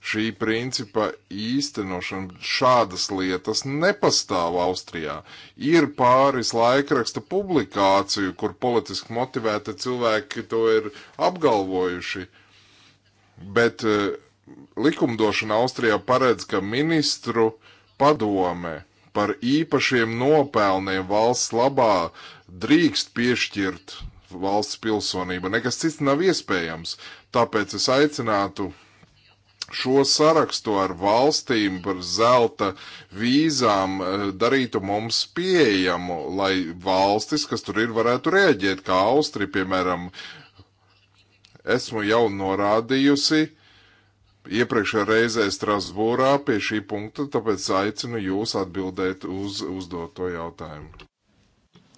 šī principa īstenošanu. Šādas lietas nepastāv Austrijā. Ir pāris laikraksta publikāciju, kur politiski motivēti cilvēki to ir apgalvojuši, bet eh, likumdošana Austrijā paredz, ka ministru padome par īpašiem nopelniem valsts labā drīkst piešķirt valsts pilsonību. Nekas cits nav iespējams. Tāpēc es aicinātu šo sarakstu ar valstīm par zelta vīzām eh, darītu mums pieejamu, lai valstis, kas tur ir, varētu rēģēt, kā Austri, piemēram, esmu jau norādījusi, iepriekšējā reizē Strasbūrā pie šī punkta, tāpēc aicinu jūs atbildēt uz uzdoto jautājumu.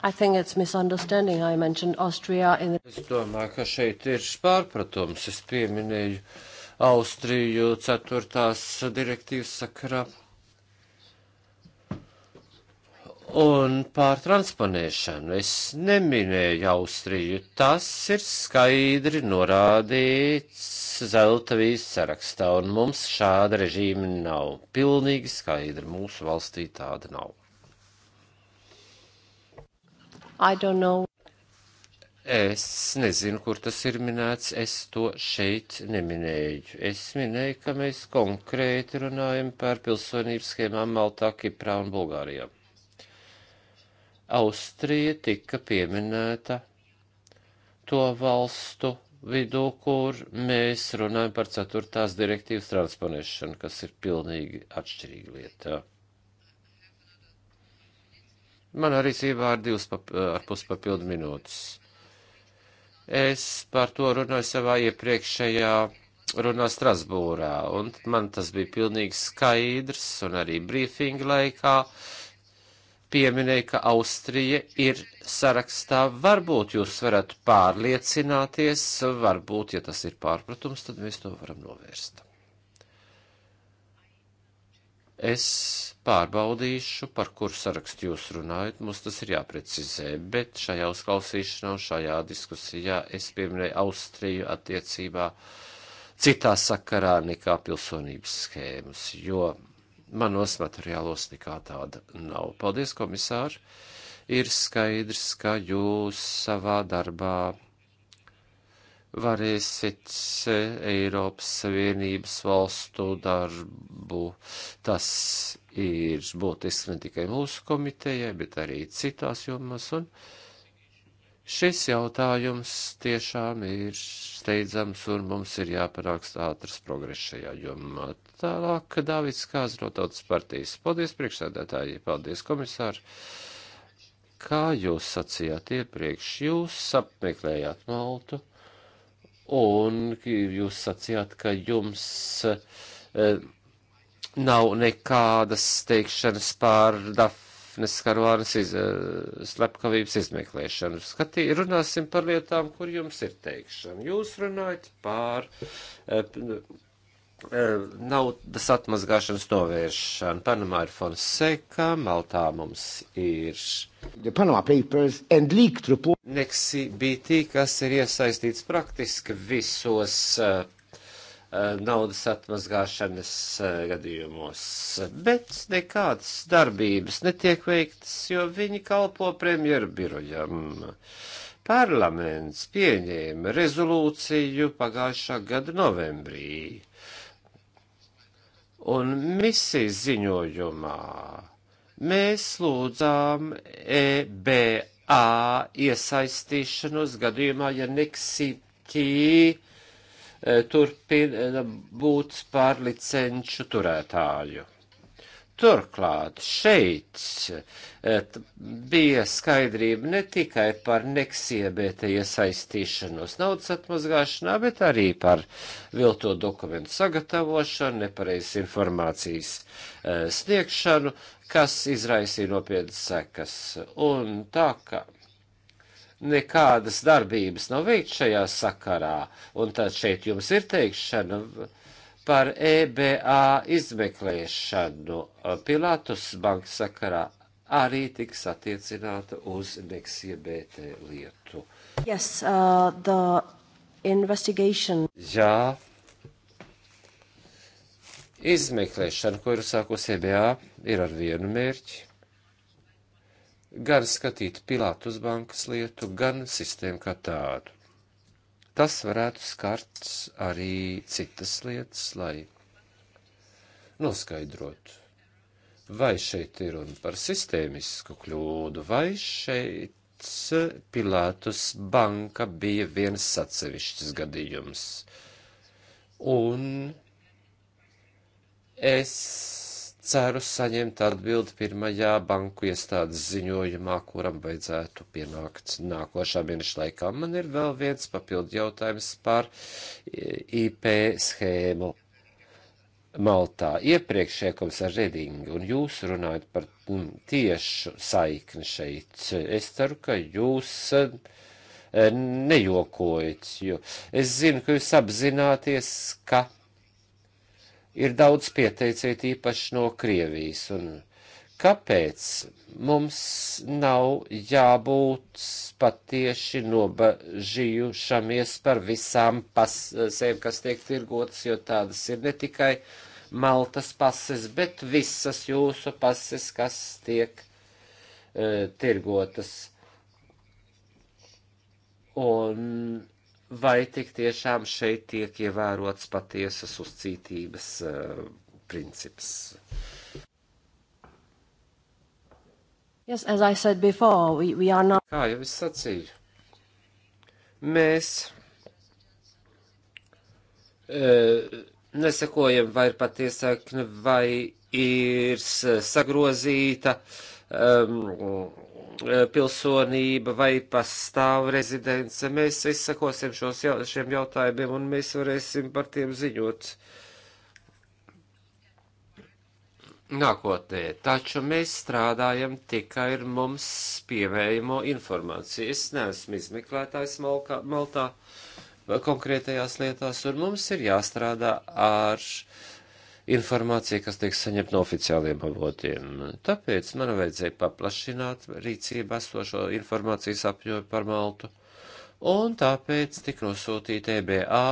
I think it's misunderstanding. I mentioned Austria in the... Es domāju, ka šeit ir pārpratums. Es pieminēju Austriju ceturtās direktīvas sakarā Un pār transponēšanu es neminēju Austriju, tas ir skaidri norādīts zelta vīzes sarakstā, un mums šāda režīma nav. Pilnīgi skaidri mūsu valstī tāda nav. Es nezinu, kur tas ir minēts, es to šeit neminēju. Es minēju, ka mēs konkrēti runājam par pilsonības schēmām Maltā, Kiprā un Bulgārijā. Austrija tika pieminēta to valstu vidū, kur mēs runājam par ceturtās direktīvas transponēšanu, kas ir pilnīgi atšķirīga lieta. Man arī sīvā ir divas pap, ar puspapildu minūtes. Es par to runāju savā iepriekšējā runā Strasbūrā, un man tas bija pilnīgi skaidrs, un arī brīfinga laikā. Uh, pieminēja, ka Austrija ir sarakstā. Varbūt jūs varat pārliecināties, varbūt, ja tas ir pārpratums, tad mēs to varam novērst. Es pārbaudīšu, par kur sarakstu jūs runājat, mums tas ir jāprecizē, bet šajā uzklausīšanā un šajā diskusijā es pieminēju Austriju attiecībā citā sakarā nekā pilsonības schēmas, jo manos materiālos nekā tāda nav. Paldies, komisāri! Ir skaidrs, ka jūs savā darbā varēsit eh, Eiropas Savienības valstu darbu. Tas ir būtisks ne tikai mūsu komitejai, bet arī citās jomās. Un Šis jautājums tiešām ir steidzams un mums ir jāpanāks ātras progress šajā jomā. Tālāk Dāvids Kāz no Tautas partijas. Paldies priekšsēdētāji, paldies komisāri. Kā jūs sacījāt iepriekš, jūs apmeklējāt Maltu un jūs sacījāt, ka jums. E, nav nekādas teikšanas pār DAF nākotnes karavānas iz, eh, slepkavības izmeklēšanu. Skatī, runāsim par lietām, kur jums ir teikšana. Jūs runājat pār eh, eh, naudas atmazgāšanas novēršanu. Panamā ir Fonseca, Maltā mums ir. Nexi BT, kas ir iesaistīts praktiski visos uh, Eh, naudas atmazgāšanas eh, gadījumos, bet nekādas darbības netiek veiktas, jo viņi kalpo premjerbirojam. Parlaments pieņēma rezolūciju pagājušā gada novembrī, un misijas ziņojumā mēs lūdzām EBA iesaistīšanos gadījumā, ja Niksī Kī E, turpina būt par licenču turētāju. Turklāt šeit et, bija skaidrība ne tikai par neksiebēta iesaistīšanos naudas atmazgāšanā, bet arī par vilto dokumentu sagatavošanu, nepareizas informācijas e, sniegšanu, kas izraisīja nopietnas sekas. Un tā kā. Ka nekādas darbības nav veikts šajā sakarā, un tad šeit jums ir teikšana par EBA izmeklēšanu Pilatus bankas sakarā arī tiks attiecināta uz Neksija BT lietu. Yes, uh, the investigation. Jā. Izmeklēšana, ko ir uzsākusi EBA, ir ar vienu mērķi gan skatīt Pilātus bankas lietu, gan sistēmu kā tādu. Tas varētu skart arī citas lietas, lai noskaidrotu, vai šeit ir runa par sistēmisku kļūdu, vai šeit Pilātus banka bija viens atsevišķs gadījums. Un es ceru saņemt atbildi pirmajā banku iestādes ziņojumā, kuram vajadzētu pienākt nākošā mēneša laikā. Man ir vēl viens papildu jautājums par IP schēmu. Maltā iepriekšējā komisāra Redinga un jūs runājat par mm, tiešu saikni šeit. Es ceru, ka jūs eh, nejokojat, jo es zinu, ka jūs apzināties, ka ir daudz pieteicēju, īpaši no Krievijas. Un kāpēc mums nav jābūt patieši nobažījušamies par visām pasēm, kas tiek tirgotas, jo tādas ir ne tikai Maltas pases, bet visas jūsu pases, kas tiek uh, tirgotas. Un vai tik tiešām šeit tiek ievērots patiesas uzcītības uh, princips. Yes, before, we, we not... Kā jau es sacīju, mēs uh, eh, nesakojam, vai ir patiesākne, vai ir sagrozīta. Um, E, pilsonība vai pastāv rezidence. Mēs izsakosim šos, šiem jautājumiem un mēs varēsim par tiem ziņot nākotnē, taču mēs strādājam tikai ar mums pieejamo informāciju. Es neesmu izmeklētājs Malkā, Maltā konkrētajās lietās, un mums ir jāstrādā ar uh, informācija, kas tiek saņemta no oficiāliem avotiem. Tāpēc man vajadzēja paplašināt rīcībā esošo informācijas apjomu par Maltu, un tāpēc tika nosūtīta EBA,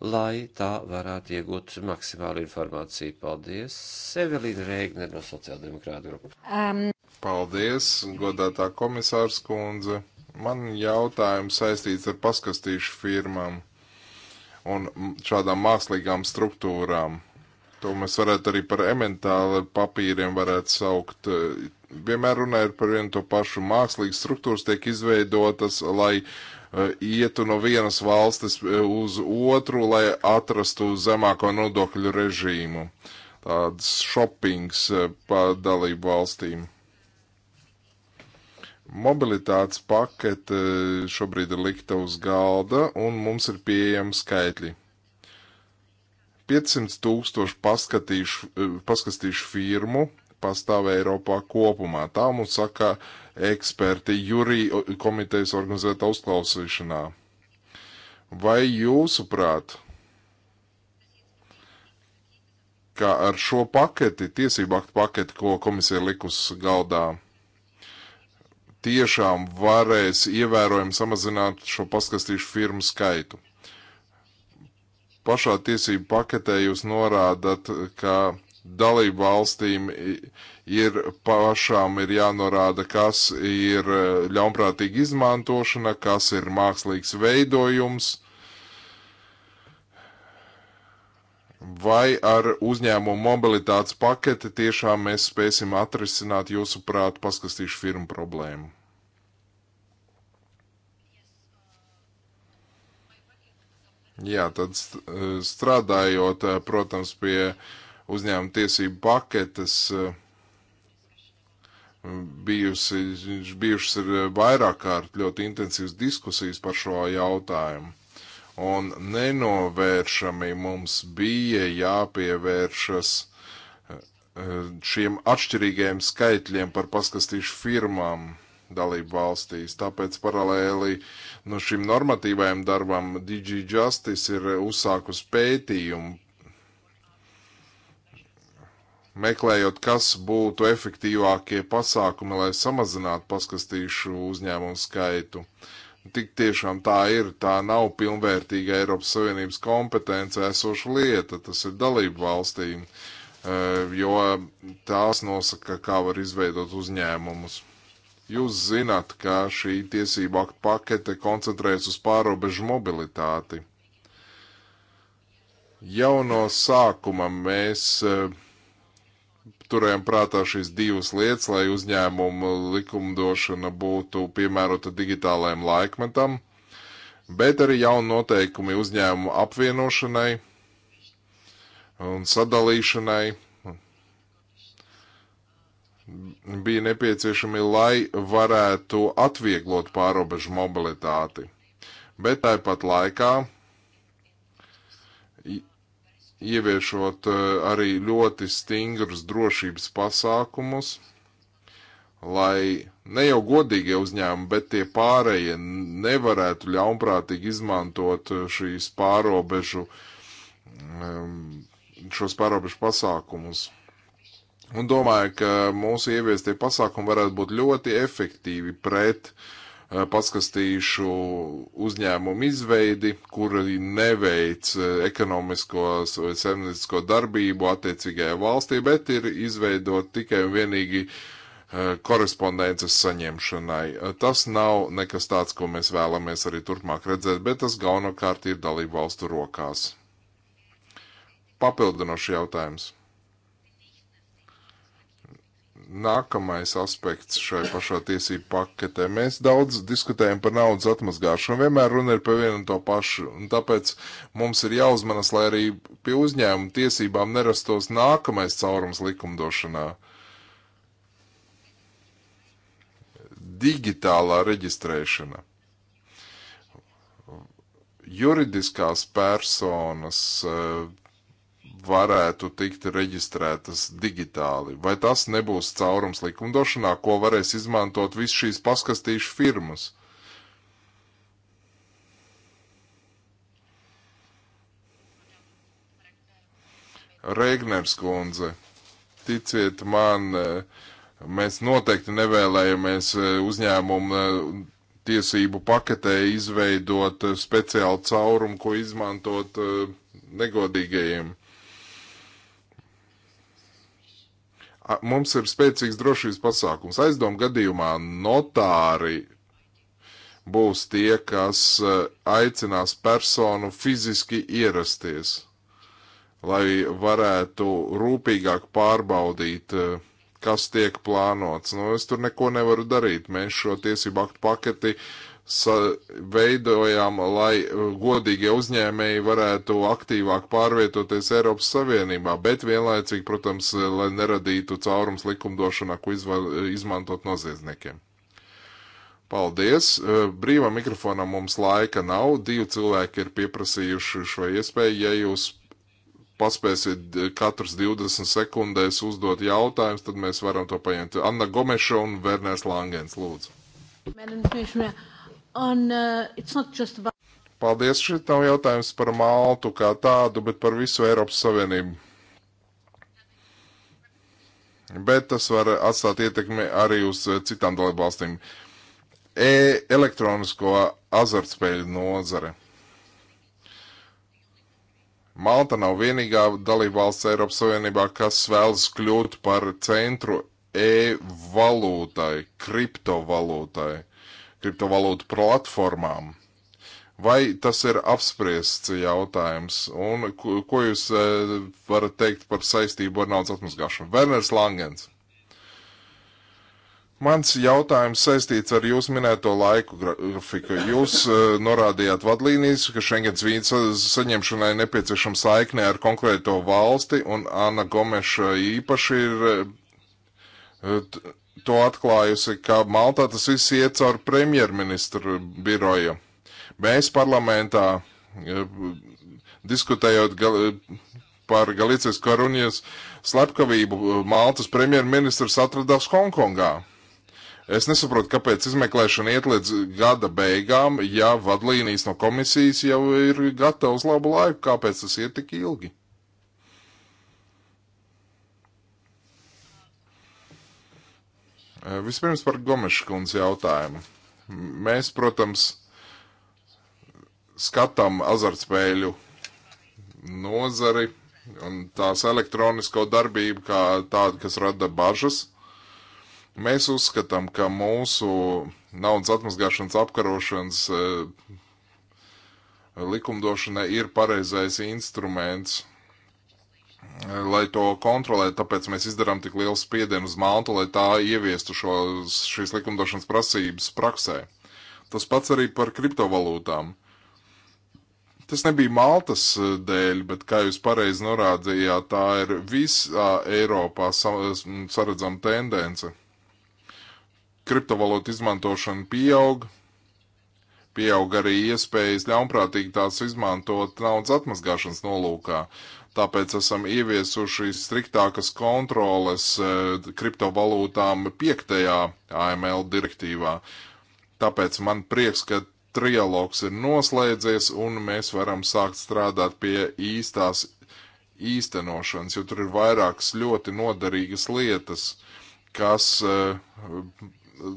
lai tā varētu iegūt maksimālu informāciju. Paldies, Sevelīna Rēgne no Sociāldemokrāta grupas. Um. Paldies, godātā komisārs kundze. Man jautājums saistīts ar paskastīšu firmām un šādām mākslīgām struktūrām To mēs varētu arī par elementālu papīriem varētu saukt. Vienmēr runājot par vienu to pašu mākslīgas struktūras tiek izveidotas, lai e, ietu no vienas valstis e, uz otru, lai atrastu zemāko nodokļu režīmu. Tāds shoppings e, pa dalību valstīm. Mobilitātes pakete šobrīd ir likta uz galda un mums ir pieejami skaitļi. 500 tūkstošu eh, paskatīšu firmu pastāv Eiropā kopumā. Tā mums saka eksperti jūrī komitejas organizētā uzklausīšanā. Vai jūsuprāt, ka ar šo paketi, tiesību aktu paketi, ko komisija likus galdā, tiešām varēs ievērojami samazināt šo paskatīšu firmu skaitu? pašā tiesību paketē jūs norādat, ka dalību valstīm ir pašām ir jānorāda, kas ir e, ļaunprātīga izmantošana, kas ir mākslīgs veidojums, vai ar uzņēmumu mobilitātes paketi tiešām mēs spēsim atrisināt jūsu prātu paskastīšu firmu problēmu. Jā, tad eh, strādājot, eh, protams, pie uzņēmuma tiesību paketes, eh, bijusi, bijušas ir vairāk kārt ļoti intensīvas diskusijas par šo jautājumu. Un nenovēršami mums bija jāpievēršas šiem atšķirīgajiem skaitļiem par paskastīšu firmām dalību valstīs. Tāpēc paralēli nu, no šim normatīvajam darbam DG Justice ir uzsākus pētījumu, meklējot, kas būtu efektīvākie pasākumi, lai samazinātu paskastīšu uzņēmumu skaitu. Tik tiešām tā ir, tā nav pilnvērtīga Eiropas Savienības kompetence esoša lieta, tas ir dalību valstīm, eh, jo tās nosaka, kā var izveidot uzņēmumus. Jūs zināt, ka šī tiesība aktu pakete koncentrējas uz pārobežu mobilitāti. Jau no sākuma mēs e, turējām prātā šīs divas lietas, lai uzņēmumu likumdošana būtu piemērota digitālajam laikmetam, bet arī jauni noteikumi uzņēmumu apvienošanai un sadalīšanai bija nepieciešami, lai varētu atvieglot pārobežu mobilitāti. Bet tāpat laikā ieviešot e, arī ļoti stingrus drošības pasākumus, lai ne jau godīgie uzņēmumi, bet tie pārējie nevarētu ļaunprātīgi izmantot šīs pārobežu, šos pārobežu pasākumus. Un domāju, ka mūsu ieviestie pasākumi varētu būt ļoti efektīvi pret uh, eh, paskastīšu uzņēmumu izveidi, kuri neveic eh, ekonomisko vai eh, saimniecisko darbību attiecīgajā valstī, bet ir izveidot tikai un vienīgi uh, korespondences saņemšanai. Tas nav nekas tāds, ko mēs vēlamies arī turpmāk redzēt, bet tas galvenokārt ir dalību valstu rokās. Papildinoši jautājums nākamais aspekts šai pašā tiesību paketē. Mēs daudz diskutējam par naudas atmazgāšanu, vienmēr runa ir par vienu un to pašu, un tāpēc mums ir jāuzmanas, lai arī pie uzņēmuma tiesībām nerastos nākamais caurums likumdošanā. Digitālā reģistrēšana juridiskās personas eh, varētu tikt reģistrētas digitāli. Vai tas nebūs caurums likumdošanā, ko varēs izmantot viss šīs paskastīšu firmas? Regners kundze, ticiet man, eh, mēs noteikti nevēlējamies eh, uzņēmumu eh, tiesību paketē izveidot speciālu caurumu, ko izmantot negodīgajiem. Mums ir spēcīgs drošības pasākums. Aizdomu gadījumā notāri būs tie, kas e, aicinās personu fiziski ierasties, lai varētu rūpīgāk pārbaudīt, e, kas tiek plānots. Nu, es tur neko nevaru darīt. Mēs šo tiesību aktu paketi uh, veidojām, lai uh, godīgie uzņēmēji varētu aktīvāk pārvietoties Eiropas Savienībā, bet vienlaicīgi, protams, lai neradītu caurums likumdošanā, ko izmantot noziedzniekiem. Paldies! Uh, brīvā mikrofonā mums laika nav. Divi cilvēki ir pieprasījuši šo iespēju. Ja jūs paspēsiet uh, katrs 20 sekundēs uzdot jautājumus, tad mēs varam to paņemt. Anna Gomeša un Vernēs Langens, lūdzu. Madam Commissioner, On, uh, about... Paldies, šeit nav jautājums par Maltu kā tādu, bet par visu Eiropas Savienību. Bet tas var atstāt ietekmi arī uz uh, citām dalībvalstīm. E elektronisko azartspēļu nozare. Malta nav vienīgā dalībvalsts Eiropas Savienībā, kas vēlas kļūt par centru e-valūtai, kriptovalūtai kriptovalūtu platformām. Vai tas ir apspriests jautājums, un ko, ko jūs e, varat teikt par saistību ar naudas atmazgāšanu? Werners Langens. Mans jautājums saistīts ar jūsu minēto laiku grafiku. Jūs uh, norādījāt vadlīnijas, ka Schengens vīzas saņemšanai nepieciešama saikne ar konkrēto valsti, un Anna Gomeša īpaši ir uh, to atklājusi, ka Maltā tas viss iet caur premjerministru biroju. Mēs parlamentā diskutējot gal, par Galicijas Karunijas slepkavību, Maltas premjerministrs atradās Hongkongā. Es nesaprotu, kāpēc izmeklēšana iet līdz gada beigām, ja vadlīnijas no komisijas jau ir gatavas labu laiku, kāpēc tas iet tik ilgi? Eh, vispirms par Gomeša kundzes jautājumu. Mēs, protams, skatām azartspēļu nozari un tās elektronisko darbību kā tādu, kas rada bažas. Mēs uzskatām, ka mūsu naudas atmazgāšanas apkarošanas eh, likumdošana ir pareizais instruments lai to kontrolētu, tāpēc mēs izdarām tik lielu spiedienu uz Maltu, lai tā ieviestu šo, šīs likumdošanas prasības praksē. Tas pats arī par kriptovalūtām. Tas nebija Maltas eh, dēļ, bet, kā jūs pareizi norādījāt, tā ir visā Eiropā saredzama tendence. Kriptovalūtu izmantošana pieaug, pieaug arī iespējas ļaunprātīgi tās izmantot naudas atmazgāšanas nolūkā. Uh, Tāpēc esam ieviesuši striktākas kontroles eh, kriptovalūtām piektajā AML direktīvā. Tāpēc man prieks, ka trialogs ir noslēdzies un mēs varam sākt strādāt pie īstās īstenošanas, jo tur ir vairākas ļoti noderīgas lietas, kas uh,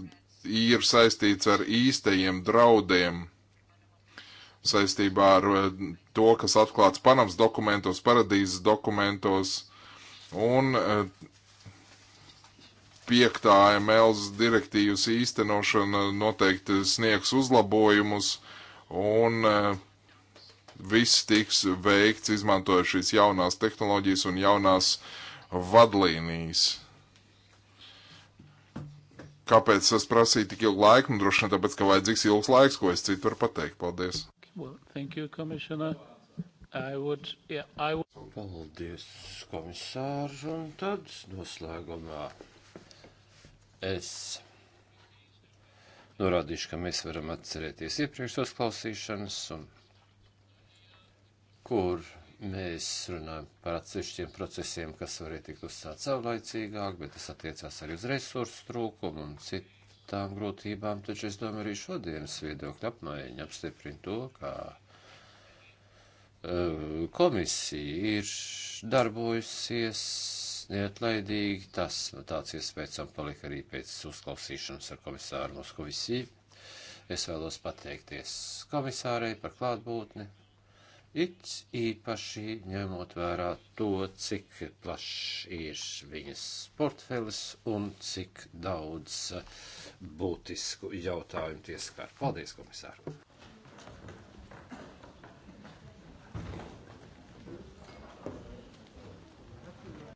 ir saistīts ar īstajiem draudiem saistībā ar eh, to, kas atklāts Panamas dokumentos, paradīzes dokumentos un eh, piektā MLs direktīvas īstenošana noteikti sniegs uzlabojumus un eh, viss tiks veikts izmantojot šīs jaunās tehnoloģijas un jaunās vadlīnijas. Kāpēc tas prasīja tik ilgu laiku? Nu, droši vien tāpēc, ka vajadzīgs ilgs laiks, ko es citu varu pateikt. Paldies! Well, thank you, Commissioner. I would, yeah, I would... Paldies, komisārs, un tad noslēgumā es norādīšu, ka mēs varam atcerēties iepriekšos klausīšanas, un kur mēs runājam par atsevišķiem procesiem, kas varēja tikt uzsākt savlaicīgāk, bet tas attiecās arī uz resursu trūkumu un citu tām grūtībām, taču es domāju, arī šodienas viedokļa apmaiņa apstiprina to, ka uh, komisija ir darbojusies neatlaidīgi. Tas tāds iespējas man palika arī pēc uzklausīšanas ar komisāru Moskovisī. Es vēlos pateikties komisārai par klātbūtni, It īpaši ņemot vērā to, cik plašs ir viņas portfelis un cik daudz būtisku jautājumu tieskār. Paldies, komisār!